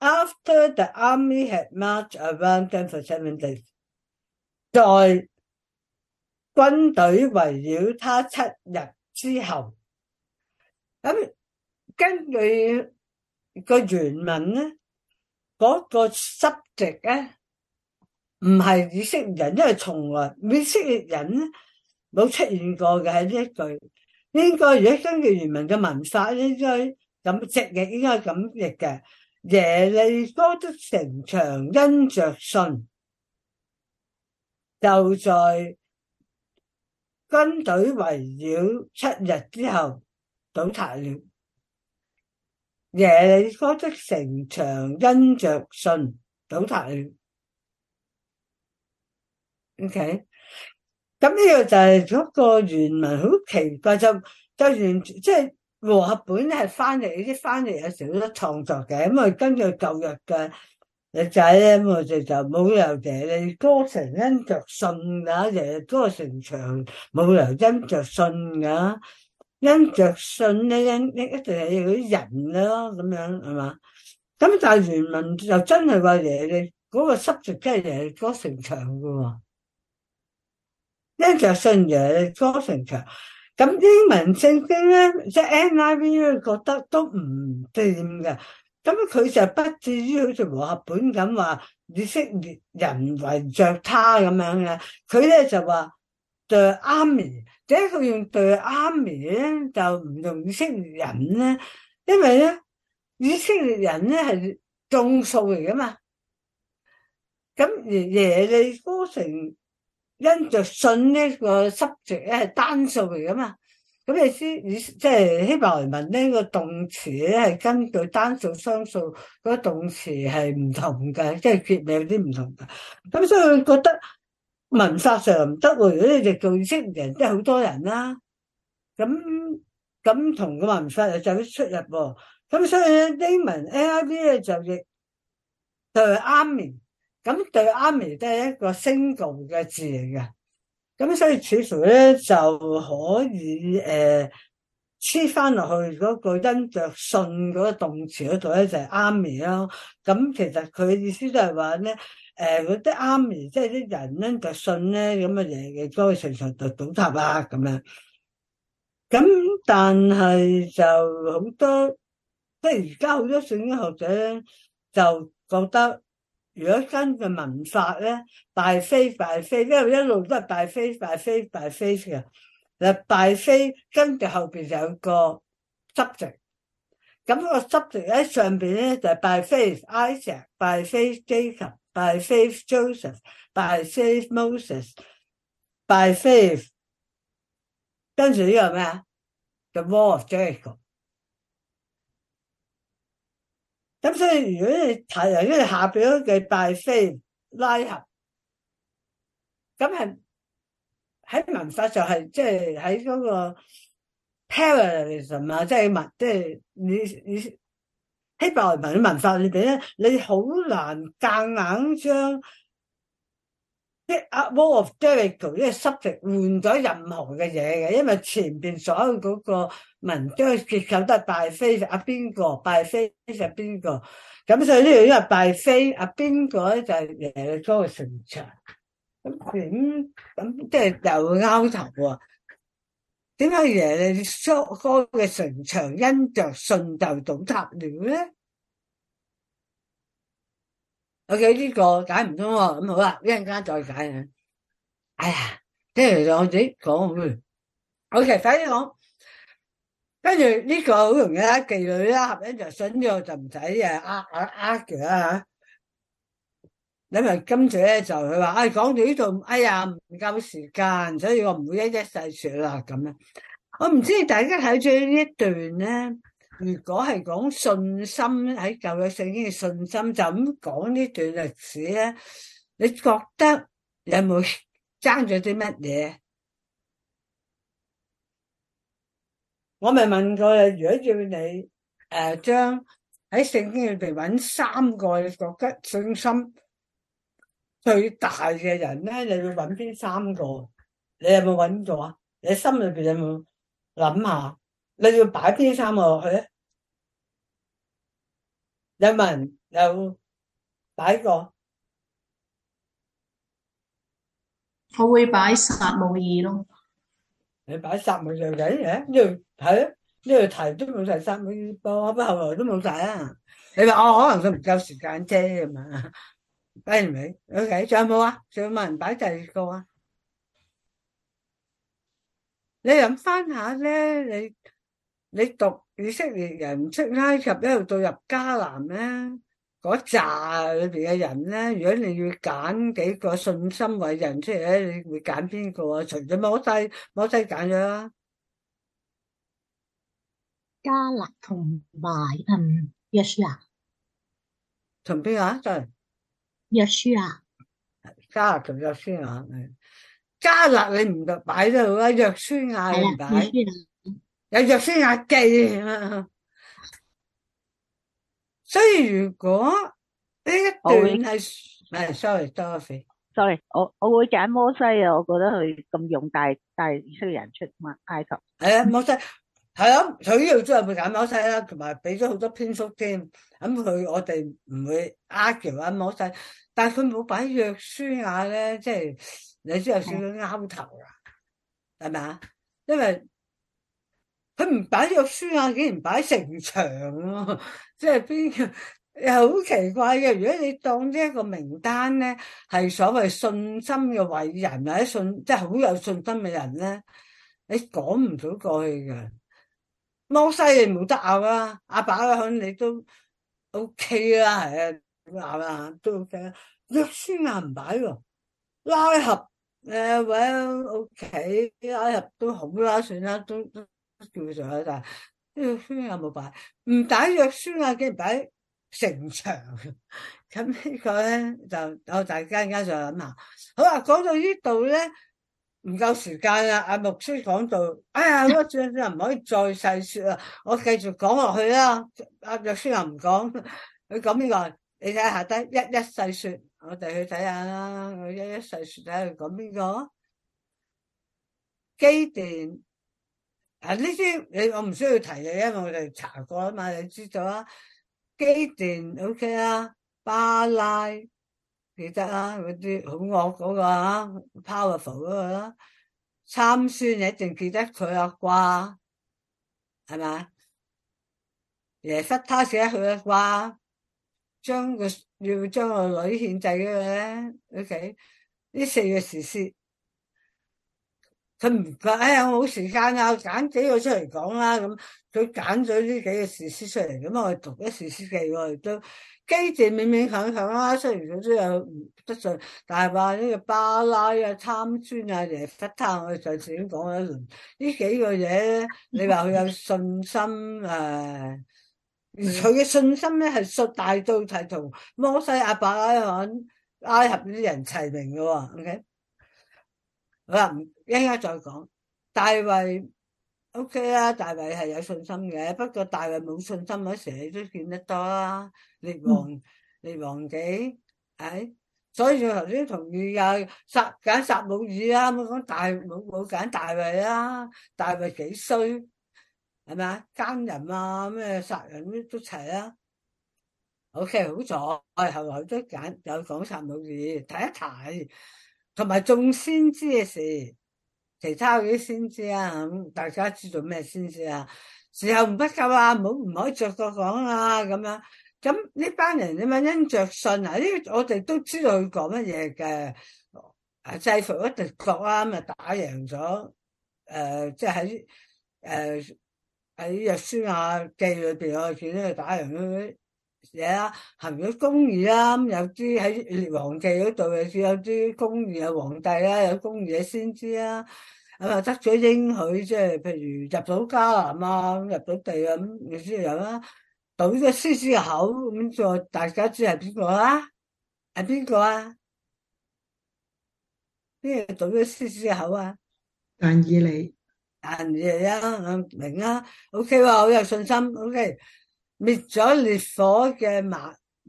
After the army had marched around them for seven days，在軍隊圍繞他七日之後，咁根據個原文咧，嗰個 subject 咧唔係以色列人，因為從來以色列人冇出現過嘅喺呢一句，應該而家根據原文嘅文法，應該咁直譯，應該咁譯嘅。耶利哥的城牆因着信，就在軍隊圍繞七日之後倒塌了。耶利哥的城牆因着信倒塌了。OK，咁呢個就係嗰個原文好奇怪，就就完即係。和合本係翻嚟，啲翻嚟有時好多創作嘅。咁啊跟住舊日嘅女仔咧，我哋就冇理由耶利哥城因着信噶，耶利哥城牆冇理由因着信噶。因着信咧，因一定係嗰啲人咯，咁樣係嘛？咁但係原文就真係話耶利，嗰個濕俗真係耶利哥城牆嘅喎，因着信耶利哥城牆。咁英文聖經咧，即、就、係、是、NIV 咧，覺得都唔掂嘅。咁佢就不至於好似和合本咁話，以色列人圍着他咁樣嘅。佢咧就話 the army，點解佢用 the army 咧？就唔用以色列人咧，因為咧以色列人咧係眾數嚟噶嘛。咁耶利哥城。因著信呢個濕字咧係單數嚟噶嘛，咁你先以即係希伯來文呢個動詞咧係根據單數，雙數嗰動詞係唔同嘅，即係結尾有啲唔同嘅。咁所以佢覺得文法上唔得喎，如果你哋做識人即係好多人啦，啊，咁咁同個文法就啲出入喎。咁所以英文呢文 a I B 咧就亦就係啱嘅。咁對阿眉都係一個 single 嘅字嚟㗎。咁所以似乎呢就可以誒，黐返落去嗰個因著信嗰個動詞嗰度呢，my, 就係阿眉咯。咁其實佢意思都係話呢，誒嗰啲阿眉即係啲人因著信呢咁嘅嘢嘅嗰個事實就倒塌啦咁樣。咁但係就好多，即係而家好多選英學者咧，就覺得。如果真嘅文法咧，拜非拜非，一路一路都係拜非拜非拜非嘅。嗱，拜非跟住後邊有個 subject，咁、那個 subject 喺上邊咧就拜非 Isaac、拜非 Jacob、拜非 Joseph、拜非 Moses、拜非跟住呢個咩啊？The Wall of Jericho。咁所以如果你睇提，因為你下邊嘅拜飛拉合，咁係喺文化上係即係喺嗰個 parallel 嘅神啊，即係文，即係你你希伯來文文化裡邊咧？你好難夾硬將即阿 wall of Jericho，呢個 subject 換咗任何嘅嘢嘅，因為前邊所有嗰個文章嘅結構都係 by faith 阿邊個 by faith 就邊個，咁所以呢，因為 by faith 阿邊個咧就係耶利哥嘅城牆，咁點咁即係又會拗頭啊？點解耶利哥嘅城牆因着信就倒塌了咧？ok 呢個解唔通，咁好啦，一陣間再解。哎呀，即係我自己講，我其實快啲講，跟住呢個好容易啦，妓女啦，合音就信咗呢個就唔使誒呃呃嘅啦，你咪跟住咧就佢話，哎，講到呢度，哎呀，唔夠時間，所以我唔會一一細說啦咁樣。我唔知大家睇住呢段咧。如果係講信心喺舊嘅聖經嘅信心，就咁講呢段歷史咧，你覺得你有冇爭咗啲乜嘢？我咪問過你，如果要你誒，將喺聖經裏邊揾三個你覺得信心最大嘅人咧，你會揾邊三個？你有冇揾咗？你心裏邊有冇諗下？你要擺邊啲衫落去？有冇人有擺個？我會擺十冇二咯。你擺十冇就緊嘅，呢個係咯，呢個題都冇晒十冇二噃，不過後來都冇晒啦。你話哦，可能佢唔夠時間啫嘛，係咪？O K，仲有冇啊？仲有冇人擺第二個啊？你諗翻下咧，你。你讀以色列人出埃及一路到入迦南咧，嗰紮裏邊嘅人咧，如果你要揀幾個信心偉人出嚟咧，你會揀邊個啊？除咗摩西，摩西揀咗啦。迦勒同埋嗯約書亞，同邊啊？就係約書亞。迦勒同約書亞，迦勒你唔擺得度啦，約書亞你唔擺。有約書亞記，所以如果呢一段係誒，sorry，Dorothy，sorry，我我會揀摩西啊，我覺得佢咁勇帶帶以色列人出嘛埃及。誒，摩西係啊，佢呢度真係會揀摩西啦，同埋俾咗好多篇幅添。咁佢我哋唔會 argue 啊摩西，但係佢冇擺約書亞咧，即係你都有少少拗頭啦，係咪啊？因為。佢唔擺約書啊，竟然擺城牆咯！即係邊又好奇怪嘅。如果你當呢一個名單咧，係所謂信心嘅偉人或者信，即係好有信心嘅人咧，你講唔到過去嘅。摩西冇得拗啦，阿爸啦、OK，你都 O K 啦，係啊、OK，拗啦都 O K 啦。約書啊，唔擺喎，拉合誒 well O K，拉合都好啦，算啦，都。叫做就，有冇擺唔打約書亞啊，竟然打城牆。咁呢個咧就我大家一陣間諗下，好啊，講到這裡呢度咧唔夠時間啦。阿牧師講到，哎呀，我最唔可以再細說，說，我繼續講落去啦。阿約書亞又唔講，佢講邊個？你睇下得一一細說，我哋去睇下啦。一一細說睇佢講邊個？基甸。啊！呢啲你我唔需要提你，因為我哋查過啊嘛，你知道啊？基甸 OK 啦、啊，巴拉記得啦、啊，嗰啲好惡嗰個、啊、Powerful 嗰個啦、啊，參孫你一定記得佢啊啩，係咪？耶弗他寫佢啊啩，將個要將個女獻祭嘅 OK，呢四個時事。佢唔覺，哎呀，我冇時間啊！我揀幾個出嚟講啦。咁，佢揀咗呢幾個士師出嚟咁，我讀一士師記喎，都基字勉勉強強啦。雖然佢都有唔得信，但係話呢個巴拉啊、參孫啊、耶弗他，我哋上次已經講咗一輪呢幾個嘢。你話佢有信心誒？佢嘅 *laughs* 信心咧係大到係同摩西、亞伯拉罕、埃及啲人齊名嘅喎。OK，好啦。應該再講大衛 O K 啊，大衛係有信心嘅，不過大衛冇信心嗰時你都見得多啦，列王列、嗯、王紀係、哎，所以我頭先同你有揀撒母耳啊，冇講、啊、大冇冇揀大衛啊大衛幾衰係咪？啊奸人啊咩殺人都齊啊 o、okay, K 好咗，我係頭都揀有講撒母耳，睇一睇，同埋眾先知嘅事。其他嗰啲先知啊，大家知道咩先知啊？時候唔不夠啊，唔好唔可以著數講啊，咁樣。咁呢班人你問因着信啊？呢、這個、我哋都知道佢講乜嘢嘅。制服一敵國啊，咁打贏咗。誒、呃，即係喺誒喺約書亞記裏我見到佢打贏咗。嘢啦，行咗、yeah, 公義啦、啊，咁有啲喺皇帝嗰度，又有啲公義嘅皇帝啦，有公義嘅先知啦。咁啊，得咗應許，即係譬如入到迦南啊，入到地啊，咁先有啦。倒咗獅獅口，咁就大家知係邊個啦？係邊個啊？咩、啊、倒咗獅獅口啊？但以你，但以你啊，明啊，OK 喎、啊，好有信心，OK。滅咗烈火嘅猛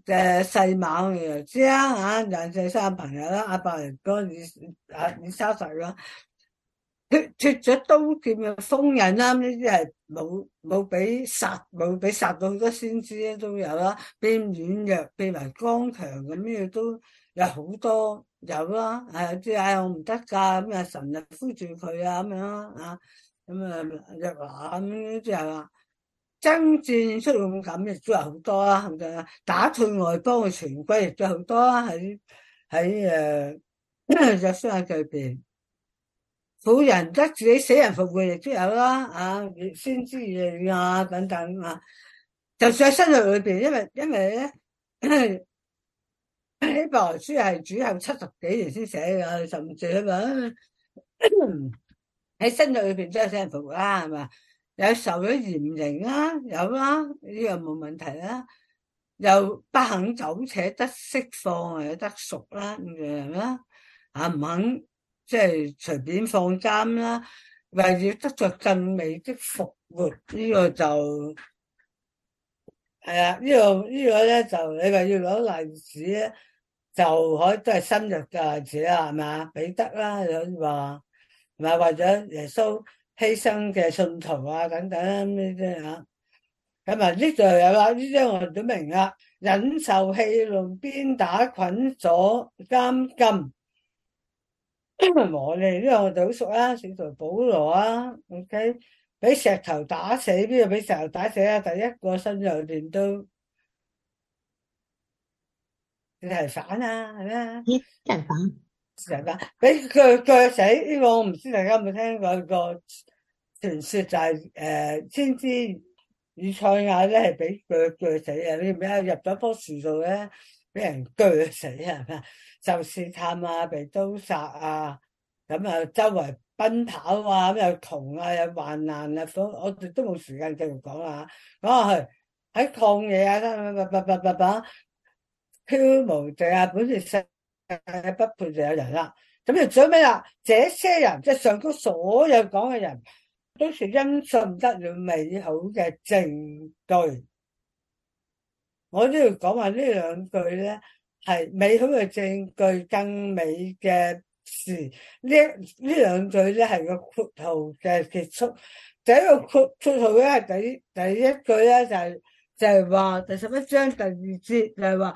誒細猛，知啦吓，廿四三朋友啦，阿伯嚟講，你阿你三十啦，脫脫咗刀劍嘅鋒刃啦，呢啲係冇冇俾殺，冇俾殺到好多先知咧，都有啦，變軟弱變為剛強咁咩都有好多有啦，誒即係我唔得噶咁啊，神日扶住佢啊咁樣啊，咁、欸、啊一話咁即係話。啊啊啊啊啊啊啊爭戰出勇敢亦都有好多啊，打退外邦嘅全軍亦都有好多啦。喺喺誒，就喺裡邊，婦人得自己死人復活亦都有啦，啊，先知人啊等等啊，就算喺新約裏邊，因為因為咧，呢部 *coughs* 書係主後七十幾年先寫噶，甚至啊嘛，喺新約裏邊都有死人復活啦，係嘛。有受咗嚴刑啊，有啦呢樣冇問題啦，又不肯走且得釋放又得贖啦，咁樣係咪啊？啊唔肯即係隨便放監啦，為咗得着更美的復活呢個就係啦，呢個呢個咧就你話要攞例子，就可以都係深入嘅例子啦，係咪？彼得啦，有話係咪或者耶穌。犧牲嘅信徒啊，等等呢啲啊，咁啊呢度又有呢張我都明啦，忍受氣怒鞭打捆鎖監禁，我哋呢個就好熟啦，使徒保羅啊，OK，俾石頭打死，邊個俾石頭打死啊？第一個新約段都，你係反啊，係咩？啲人反。成班俾鋸鋸死呢個，我唔知大家有冇聽過個傳說就係誒，先知以賽亞咧係俾鋸鋸死啊！你唔啊入咗棵樹度咧，俾人鋸死係啊？就試探啊，被刀殺啊，咁啊，周圍奔跑啊，咁又窮啊，又患難啊，咁我哋都冇時間繼續講啦，講下去喺抗野啊，咁啊啊啊啊啊，囂無罪啊，本是。不配就有人啦，咁又最尾啦。這些人即係上高所有講嘅人，都係因信得了美好嘅證據。我都要講話呢兩句咧，係美好嘅證據更美嘅事。呢呢兩句咧係個括號嘅結束。第一個括括號咧係第第一句咧就係就係話第十一章第二節就係話。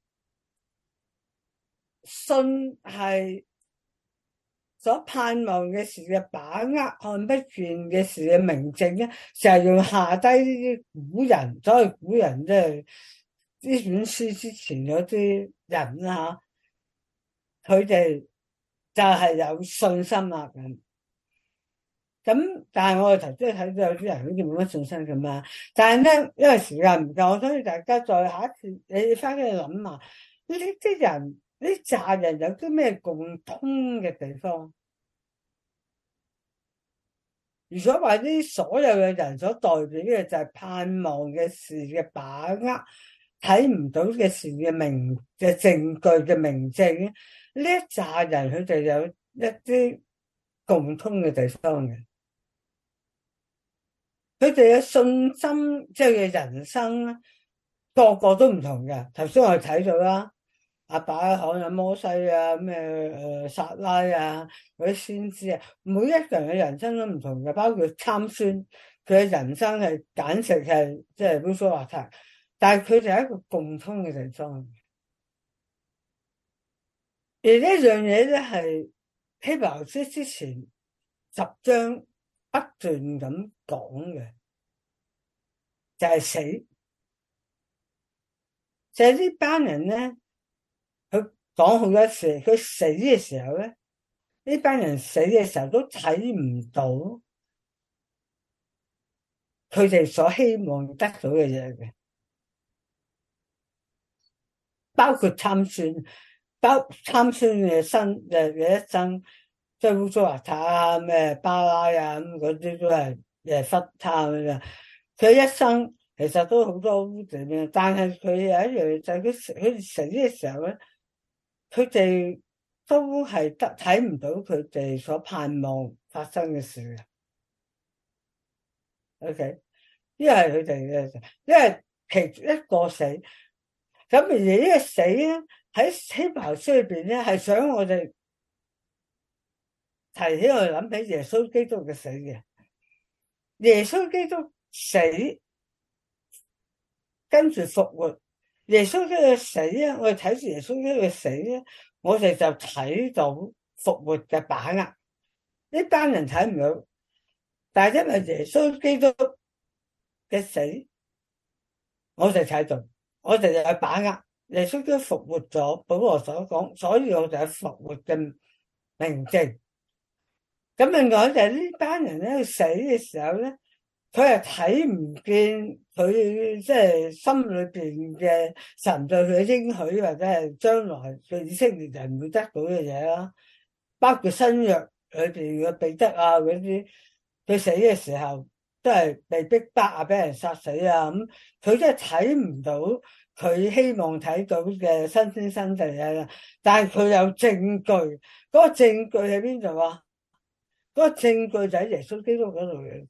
信係所盼望嘅事嘅把握，看不見嘅事嘅明證咧，就係、是、用下低啲古人，所謂古人即係呢本書之前有啲人啦，佢哋就係有信心啦咁。咁但係我哋頭先睇到有啲人好似冇乜信心咁啊。但係咧，因為時間唔夠，所以大家再下一次你翻去諗下呢啲人。呢扎人有啲咩共通嘅地方？如果所話，啲所有嘅人所代表嘅就係盼望嘅事嘅把握，睇唔到嘅事嘅明嘅證據嘅明證，呢一紮人佢就有一啲共通嘅地方嘅。佢哋嘅信心，即係嘅人生，個個都唔同嘅。頭先我哋睇咗啦。阿爸可能摩西啊，咩誒撒拉啊，嗰啲先知啊，每一個人嘅人生都唔同嘅，包括參孫，佢嘅人生係簡直係即係污糟邋遢，但係佢哋係一個共通嘅地方。而呢樣嘢咧係希伯來書之前十章不斷咁講嘅，就係死，就係呢班人咧。講好多事，佢死嘅時候咧，呢班人死嘅時候都睇唔到，佢哋所希望得到嘅嘢，包括參孫，包參孫嘅生嘅嘅一生，即係污糟邋遢啊，咩、就是、巴拉啊咁嗰啲都係誒失態呀。佢一生其實都好多污點嘅，但係佢有一樣就佢佢死嘅時候咧。佢哋都係得睇唔到佢哋所盼望發生嘅事嘅，OK，一係佢哋嘅，一係其一個死，咁而而呢個死喺希伯來書裏邊咧係想我哋提起我哋諗起耶穌基督嘅死嘅，耶穌基督死跟住復活。耶穌都要死咧，我睇住耶穌都要死咧，我哋就睇到復活嘅把握。呢班人睇唔到，但係因為耶穌基督嘅死，我哋睇到，我哋就有把握。耶穌都復活咗，保羅所講，所以我哋係復活嘅明證。咁另外就係呢班人咧，佢死嘅時候咧。佢係睇唔見佢，即係心裏邊嘅神對佢嘅應許，或者係將來以色列人會得到嘅嘢啦，包括新約裏邊嘅彼得啊嗰啲，佢死嘅時候都係被逼迫啊，俾人殺死啊咁，佢真係睇唔到佢希望睇到嘅新天新地啊！但係佢有證據，嗰個證據喺邊度啊？嗰個證據就喺耶穌基督嗰度嘅。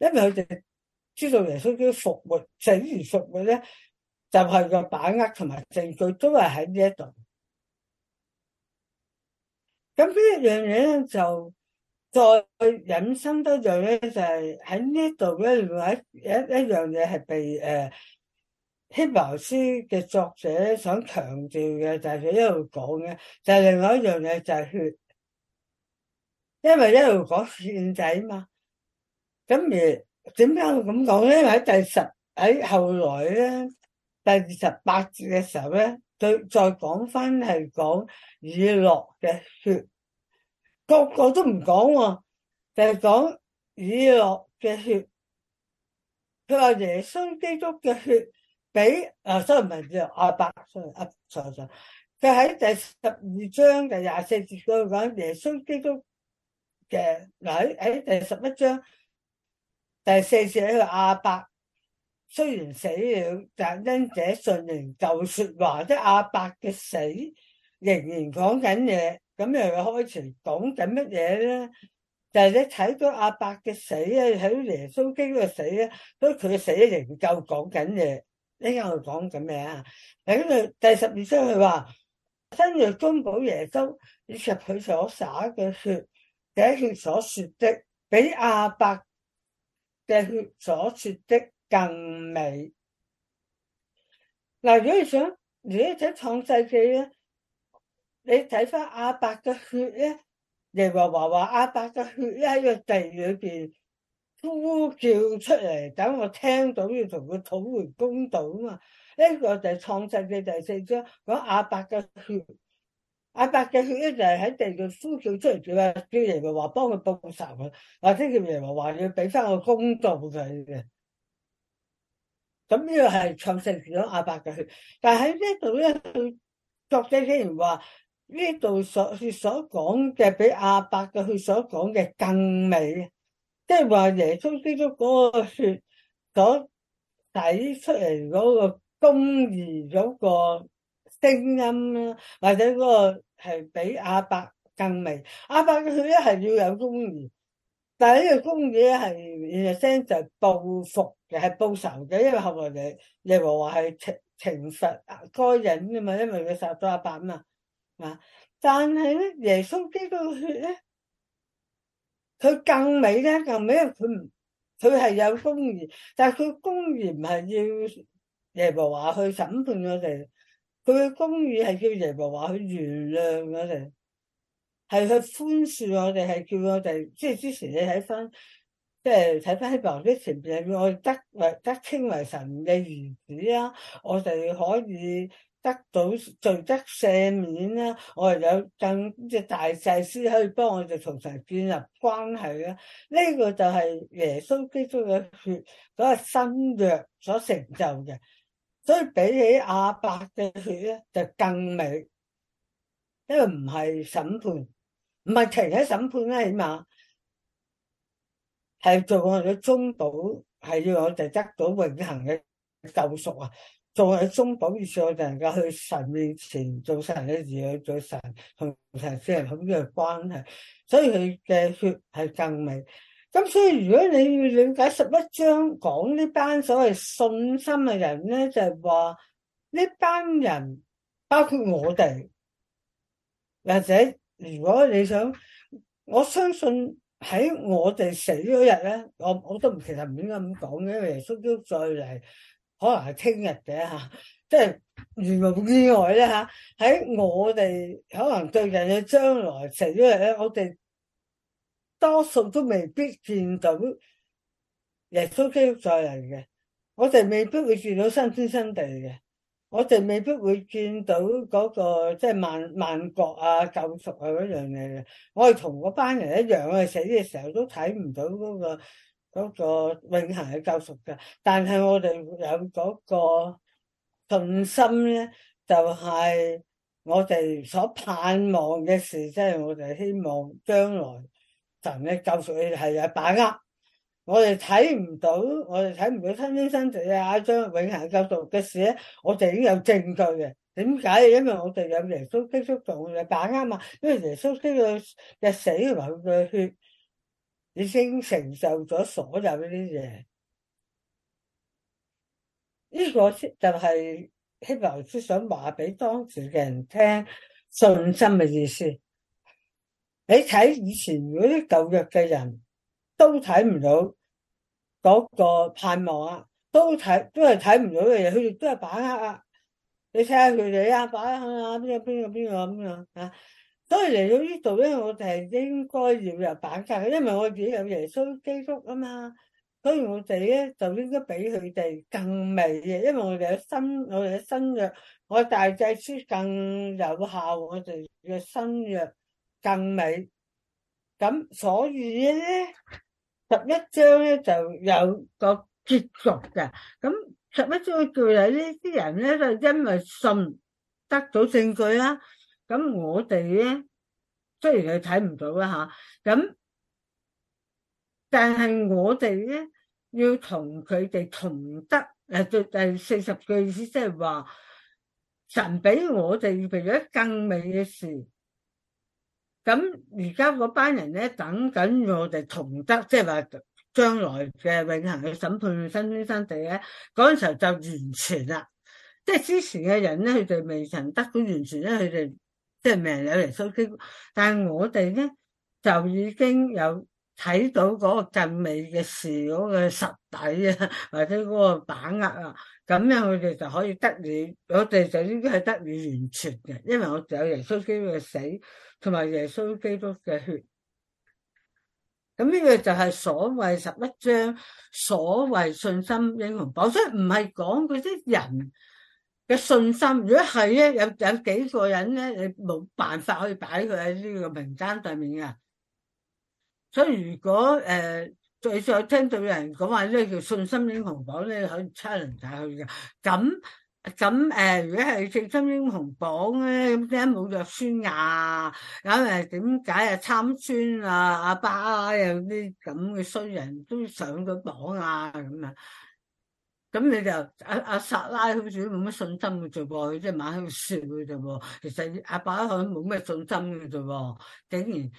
因為佢哋知道耶穌嘅復活，死而復活咧，就係個把握同埋證據都係喺呢一度。咁呢一樣嘢咧，就再引申多樣咧，就係喺呢度咧，另外一一樣嘢係被誒希伯來書嘅作者想強調嘅，就係佢一路講嘅，就係另外一樣嘢就係血。因為一路講血仔嘛。咁而點解會咁講咧？喺第十喺後來咧，第二十八節嘅時候咧，再再講翻係講以樂嘅血，個個都唔講喎，就係講以樂嘅血。佢話耶穌基督嘅血俾啊 sorry 唔係叫阿伯 sorry 啊，錯錯，佢喺第十二章第廿四節度講耶穌基督嘅。嗱，喺第十一章。第四節佢阿伯雖然死了，但因者信年就說話。即係阿伯嘅死仍然講緊嘢。咁又開始講緊乜嘢咧？就係你睇到阿伯嘅死咧，睇到耶穌基督嘅死咧，所以佢嘅死仍舊講緊嘢。呢間我講緊咩啊？第十二章佢話新約中保耶穌以及佢所灑嘅血，且佢所說的，俾阿伯嘅血所說的更美。嗱，如果你想，如果你睇《創世記》咧，你睇翻阿伯嘅血咧，你話話阿伯嘅血咧喺個地裏邊呼叫出嚟，等我聽到要同佢討回公道啊嘛。呢個就係《創世記》第四章講阿伯嘅血。阿伯嘅血就係喺地度呼叫出嚟，叫阿招爺咪話幫佢報仇啊！阿招爺話話要俾翻個公道佢嘅。咁呢個係侵食住咗阿伯嘅血，但喺呢度咧，作者雖然話呢度所說所講嘅比阿伯嘅血所講嘅更美，即係話耶穌基督嗰個血所睇出嚟嗰個公義嗰個聲音，或者嗰個。係比阿伯更美，阿伯嘅血咧係要有公義，但係呢個公義係聲就報復嘅，係報仇嘅，因為後來嚟耶和華係懲罰該隱嘅嘛，因為佢殺咗阿伯嘛，但係咧耶穌基督嘅血咧，佢更美咧，更美，因為佢唔佢係有公義，但係佢公義唔係要耶和華去審判我哋。佢嘅公義係叫耶和華去原諒我哋，係去寬恕我哋，係叫我哋。即係之前你睇翻，即係睇翻希伯來啲前邊，我哋得為得稱為神嘅兒子啦，我哋可以得到罪得赦免啦，我哋有咁隻大祭司可以幫我哋同神建立關係啦。呢個就係耶穌基督嘅血，嗰個新約所成就嘅。所以比起阿伯嘅血咧，就更美，因為唔係審判，唔係停喺審判咧，起碼係做我哋中保，係要我哋得到永恒嘅救贖啊！做我哋中保以上，我哋能夠去神面前，做神嘅兒女，做神同神之間咁嘅關係。所以佢嘅血係更美。咁所以如果你要了解，十一章講呢班所謂信心嘅人咧，就係話，呢班人包括我哋，或者如果你想，我相信喺我哋死嗰日咧，我我都唔其實唔應該咁講嘅，耶穌基督再嚟可能係聽日嘅吓，即係如無意外咧吓，喺我哋可能對人嘅將來死嗰日咧，我哋。多數都未必見到耶穌基督再嚟嘅，我哋未必會見到新天新地嘅，我哋未必會見到嗰、那個即係萬萬國啊救贖啊嗰樣嘢嘅。我哋同嗰班人一樣，我哋死嘅時候都睇唔到嗰、那個、那個永恒嘅救贖嘅。但係我哋有嗰個信心咧，就係、是、我哋所盼望嘅事，即、就、係、是、我哋希望將來。就你救贖係有把握，我哋睇唔到，我哋睇唔到新天新地啊張永恒救贖嘅事咧，我哋已經有證據嘅。點解？因為我哋有耶穌基督做嘅把握嘛，因為耶穌基督嘅死同佢嘅血已經承受咗所有呢啲嘢。呢、這個就係希伯來書想話俾當時嘅人聽信心嘅意思。你睇以前嗰啲舊約嘅人都睇唔到嗰個盼望啊，都睇都係睇唔到嘅嘢。佢哋都係把握啊。你睇下佢哋啊，把握啊，邊個邊個邊個咁樣啊？所以嚟到呢度咧，我哋應該要有把握嘅，因為我自己有耶穌基督啊嘛。所以我哋咧就應該比佢哋更美嘅，因為我哋有新，我哋有新約，我大祭司更有效，我哋嘅新約。更美，咁所以咧，十一章咧就有個結局嘅。咁十一章嘅句係呢啲人咧，就因為信得到證據啦。咁我哋咧雖然佢睇唔到啦吓，咁但係我哋咧要同佢哋同得誒，第第四十句意思即係話神俾我哋預備咗更美嘅事。咁而家嗰班人咧等緊我哋同得，即係話將來嘅永恆嘅審判新天新地咧，嗰陣時候就完全啦。即係之前嘅人咧，佢哋未曾得到完全咧，佢哋即係未有耶穌基督。但係我哋咧就已經有睇到嗰個更美嘅事，嗰個實底啊，或者嗰個把握啊，咁樣佢哋就可以得以。我哋就應該係得以完全嘅，因為我哋有耶穌基督嘅死。同埋耶穌基督嘅血，咁呢個就係所謂十一章所謂信心英雄榜，所以唔係講嗰啲人嘅信心。如果係咧，有有幾個人咧，你冇辦法可以擺佢喺呢個名單上面嘅。所以如果誒，呃，最少聽到有人講話呢叫信心英雄榜咧，你可以差人睇佢嘅咁。咁誒、呃，如果係正心英雄榜咧，咁點解冇若孫亞咁誒？點解啊？參孫啊，阿爸啊，嗰啲咁嘅衰人都上咗榜啊？咁啊？咁你就阿阿撒拉好似都冇乜信心嘅啫，喎，佢即係猛喺度笑嘅啫，其實阿爸佢冇咩信心嘅啫，竟然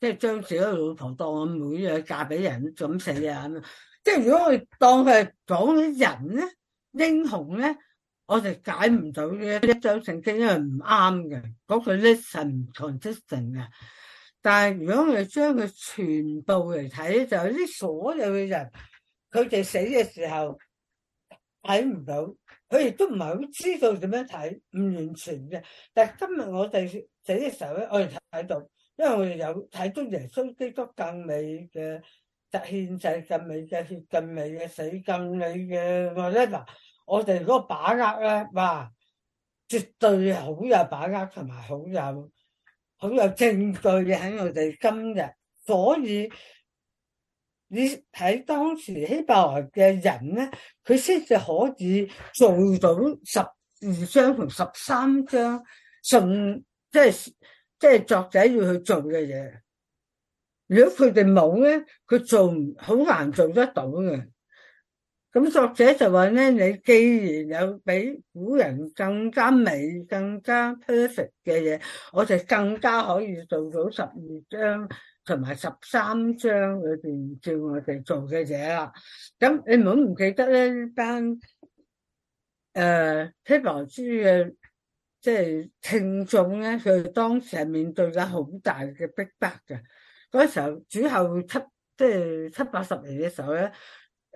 即係將自己老婆當阿妹啊，嫁俾人咁死啊咁。即係如果佢當佢係講啲人咧，英雄咧？我哋解唔到呢一章聖經，因為唔啱嘅，嗰個 listen 同 listen 嘅。但係如果我哋將佢全部嚟睇，就有啲所有嘅人，佢哋死嘅時候睇唔到，佢亦都唔係好知道點樣睇，唔完全嘅。但係今日我哋死嘅時候咧，我哋睇到，因為我哋有睇到耶穌基督更美嘅獻祭，更美嘅血，更美嘅死，更美嘅愛咧嗱。我哋嗰個把握咧，哇，絕對好有把握，同埋好有好有證據嘅喺我哋今日。所以你睇當時希伯來嘅人咧，佢先至可以做到十二章同十三章，純即係即係作者要去做嘅嘢。如果佢哋冇咧，佢做好難做得到嘅。咁作者就話咧，你既然有比古人更加美、更加 perfect 嘅嘢，我就更加可以做到十二章同埋十三章裏邊叫我哋做嘅嘢啦。咁你唔好唔記得咧，班誒希伯來書嘅即係聽眾咧，佢當時係面對咗好大嘅逼迫嘅。嗰時候主後七即係七八十年嘅時候咧。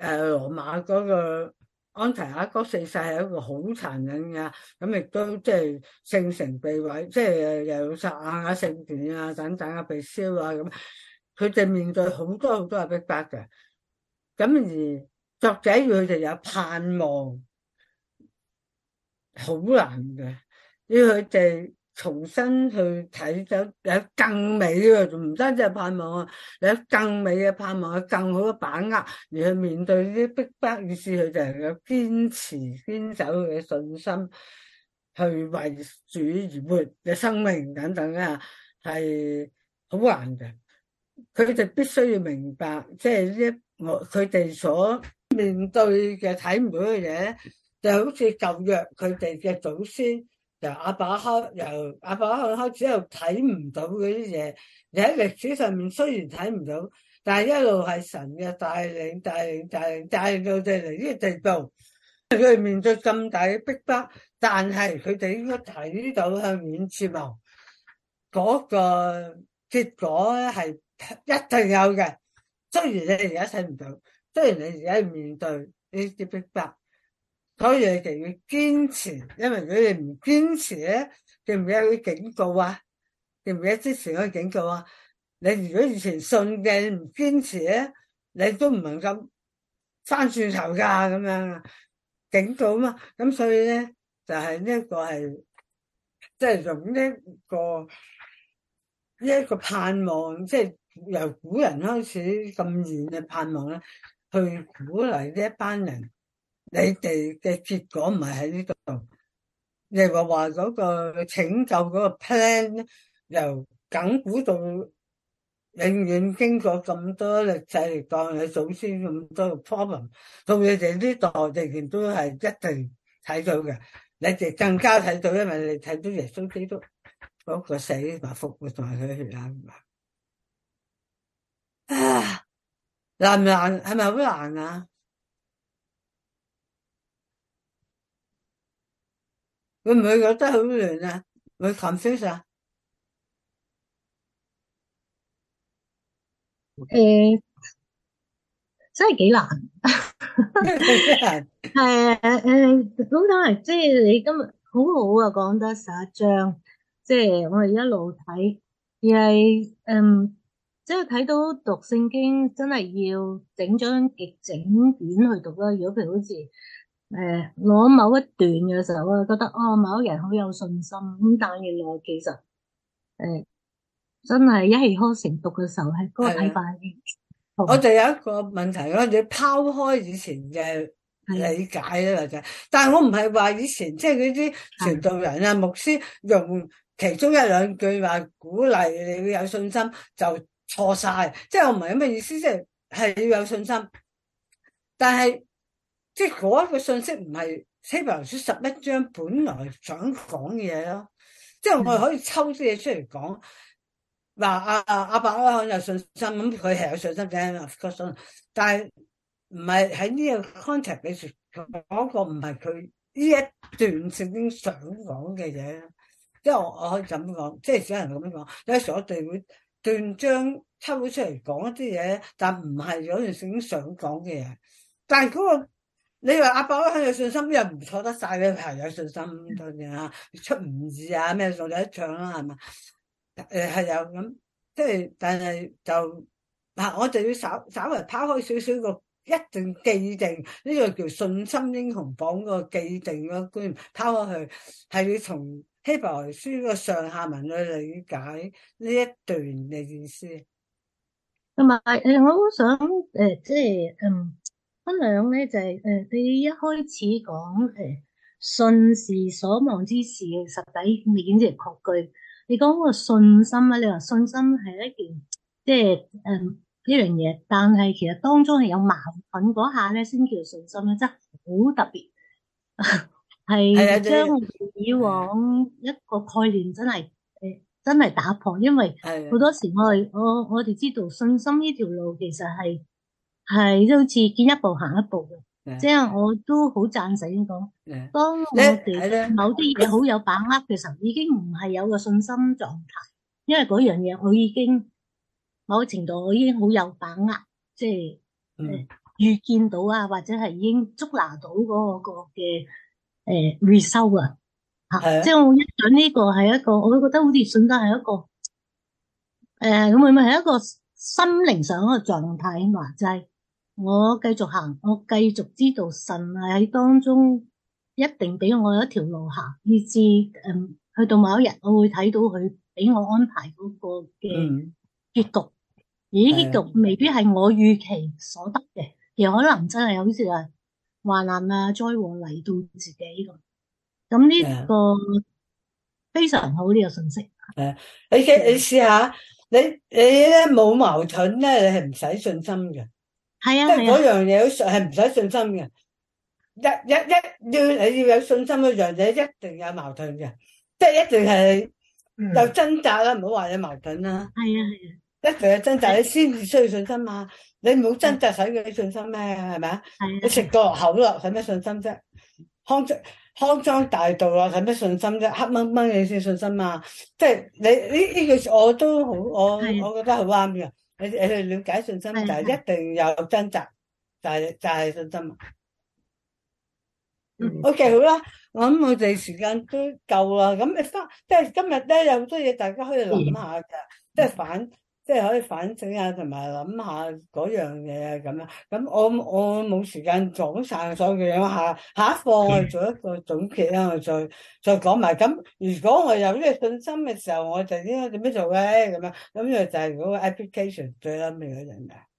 誒羅馬嗰個安提阿哥四世係一個好殘忍嘅，咁亦都即係聖城被毀，即係又有殺啊聖殿啊等等啊被燒啊咁，佢哋面對好多好多嘅逼迫嘅，咁而作者要佢哋有盼望，好難嘅，因為佢哋。重新去睇，有有更美嘅，唔單止係盼望啊，有更美嘅盼望，有更，的更好嘅把握，而去面對呢啲逼迫，迫意，得已佢就係有堅持堅守嘅信心，去為主而活嘅生命等等啊，係好難嘅。佢哋必須要明白，即係呢，我佢哋所面對嘅睇唔到嘅嘢，就好似舊約佢哋嘅祖先。由阿爸開，由阿爸開開始，又睇唔到嗰啲嘢。你喺歷史上面雖然睇唔到，但係一路係神嘅帶領，帶領，帶領，帶領到佢嚟呢個地步。佢哋面對咁大嘅逼迫，迫，但係佢哋應該睇到向遠處望，嗰個結果係一定有嘅。雖然你而家睇唔到，雖然你而家面對呢啲逼迫。所以你哋要堅持，因為佢哋唔堅持咧，記唔記得佢警告啊？記唔記得之前個警告啊？你如果以前信嘅，你唔堅持咧，你都唔能夠翻轉頭噶，咁樣，警告嘛。咁所以咧，就係呢一個係，即係用呢一個，呢一個盼望，即係由古人開始咁遠嘅盼望咧，去鼓勵呢一班人。你哋嘅結果唔係喺呢度，你話嗰個拯救嗰個 plan 由亙古到永遠，經過咁多歷史嚟，當你祖先咁多 problem，到你哋啲代代人都係一定睇到嘅，你哋更加睇到，因為你睇到耶穌基督嗰個死埋復活同埋佢嘅血啊！啊，難唔難？係咪好難啊？會唔會覺得好亂啊，佢尋書啊，誒、uh,，真係幾難，係啊，咁但係即係你今日好好啊，講得十一章，即係我哋一路睇，而係嗯，即係睇到讀聖經真係要整張極整卷去讀啦，如果譬如好似。誒，攞、嗯、某一段嘅時候，我就覺得哦，某一人好有信心咁，但係原來其實誒、嗯、真係一氣呵成讀嘅時候係嗰個睇法。的吧我就有一個問題咯，你拋開以前嘅理解咧的、就是，就但係我唔係話以前即係嗰啲傳道人啊、的牧師用其中一兩句話鼓勵你有信心就錯晒，即、就、係、是、我唔係咁嘅意思，即係係要有信心，但係。即係嗰一個信息唔係《希伯來書》十一章本來想講嘅嘢咯，即係我係可以抽啲嘢出嚟講。嗱，阿阿阿伯安有信心，咁佢係有信心嘅確信，但係唔係喺呢個 contact 嗰、嗰個唔係佢呢一段聖經想講嘅嘢。即係我我可以咁樣講，即係只能咁樣講。有時我哋會斷章抽到出嚟講一啲嘢，但唔係有段聖經想講嘅嘢。但係嗰、嗰個。你話阿伯咧有信心，又唔錯得晒嘅朋友信心當然吓，出唔意啊咩仲一唱啦係嘛？誒係有咁，即係、就是、但係就嗱，我就要稍稍微拋開少少個一定既定呢、這個叫信心英雄榜個既定嘅觀，拋開去，係要從希伯來書個上下文去理解呢一段嘅意思。同埋誒，我好想誒，即、就、係、是、嗯。分兩咧就係、是、誒，你一開始講誒信是所望之事，實底未見之確據。你講個信心啊，你話信心係一件即係誒呢樣嘢，但係其實當中係有矛盾嗰下咧，先叫信心嘅真係好特別，係將的 *laughs* 以往一個概念真係誒的真係打破，因為好多時我係的我我哋知道信心呢條路其實係。係，都好似見一步行一步嘅，即係我都好贊成咁講。當我哋某啲嘢好有把握嘅時候，已經唔係有個信心狀態，因為嗰樣嘢我已經某程度我已經好有把握，即係預見到啊，或者係已經捉拿到嗰個個嘅誒 result 啊，嚇！即係我一想呢個係一個，我都覺得好似信心係一個誒，咁會唔會係一個心靈上一個狀態？話齋。我繼續行，我繼續知道神係喺當中，一定俾我有一條路行，以至誒去到某一日，我會睇到佢俾我安排嗰個嘅結局。而呢結局未必係我預期所得嘅，亦可能真係有啲事啊，患難啊災禍嚟到自己。咁呢個非常好呢個信息。誒，你你你試下，你你咧冇矛盾咧，你係唔使信心嘅。係啊，即係嗰樣嘢上係唔使信心嘅，一一一要要有信心嘅樣嘢一定有矛盾嘅，即係一定係有掙扎啦，唔好話有矛盾啦。係啊係啊，一定要有掙扎，的你先至需要信心嘛。你唔好掙扎使嘅啲信心咩？係咪啊？你食到落口咯，使咩信心啫、啊？康莊康莊大道啊，使咩信心啫、啊？黑掹掹你先信心嘛。即係你呢呢個我都好，我的我覺得好啱嘅。你去了解信心就係、一定有掙扎，就係就係信心啊。o、okay, K 好啦，我諗我哋時間都夠啦。咁三即係今日呢有好多嘢大家可以諗下噶，即係的反。.即係可以反省下，下，以下，同埋諗下嗰樣嘢啊，咁樣，咁我我冇時間講曬所有樣下，下一課我做一個總結啦，我再再講埋。咁如果我有呢個信心嘅時候，我就應該點樣做嘅，咁樣，咁呢個就係嗰個 application 最緊要嘅。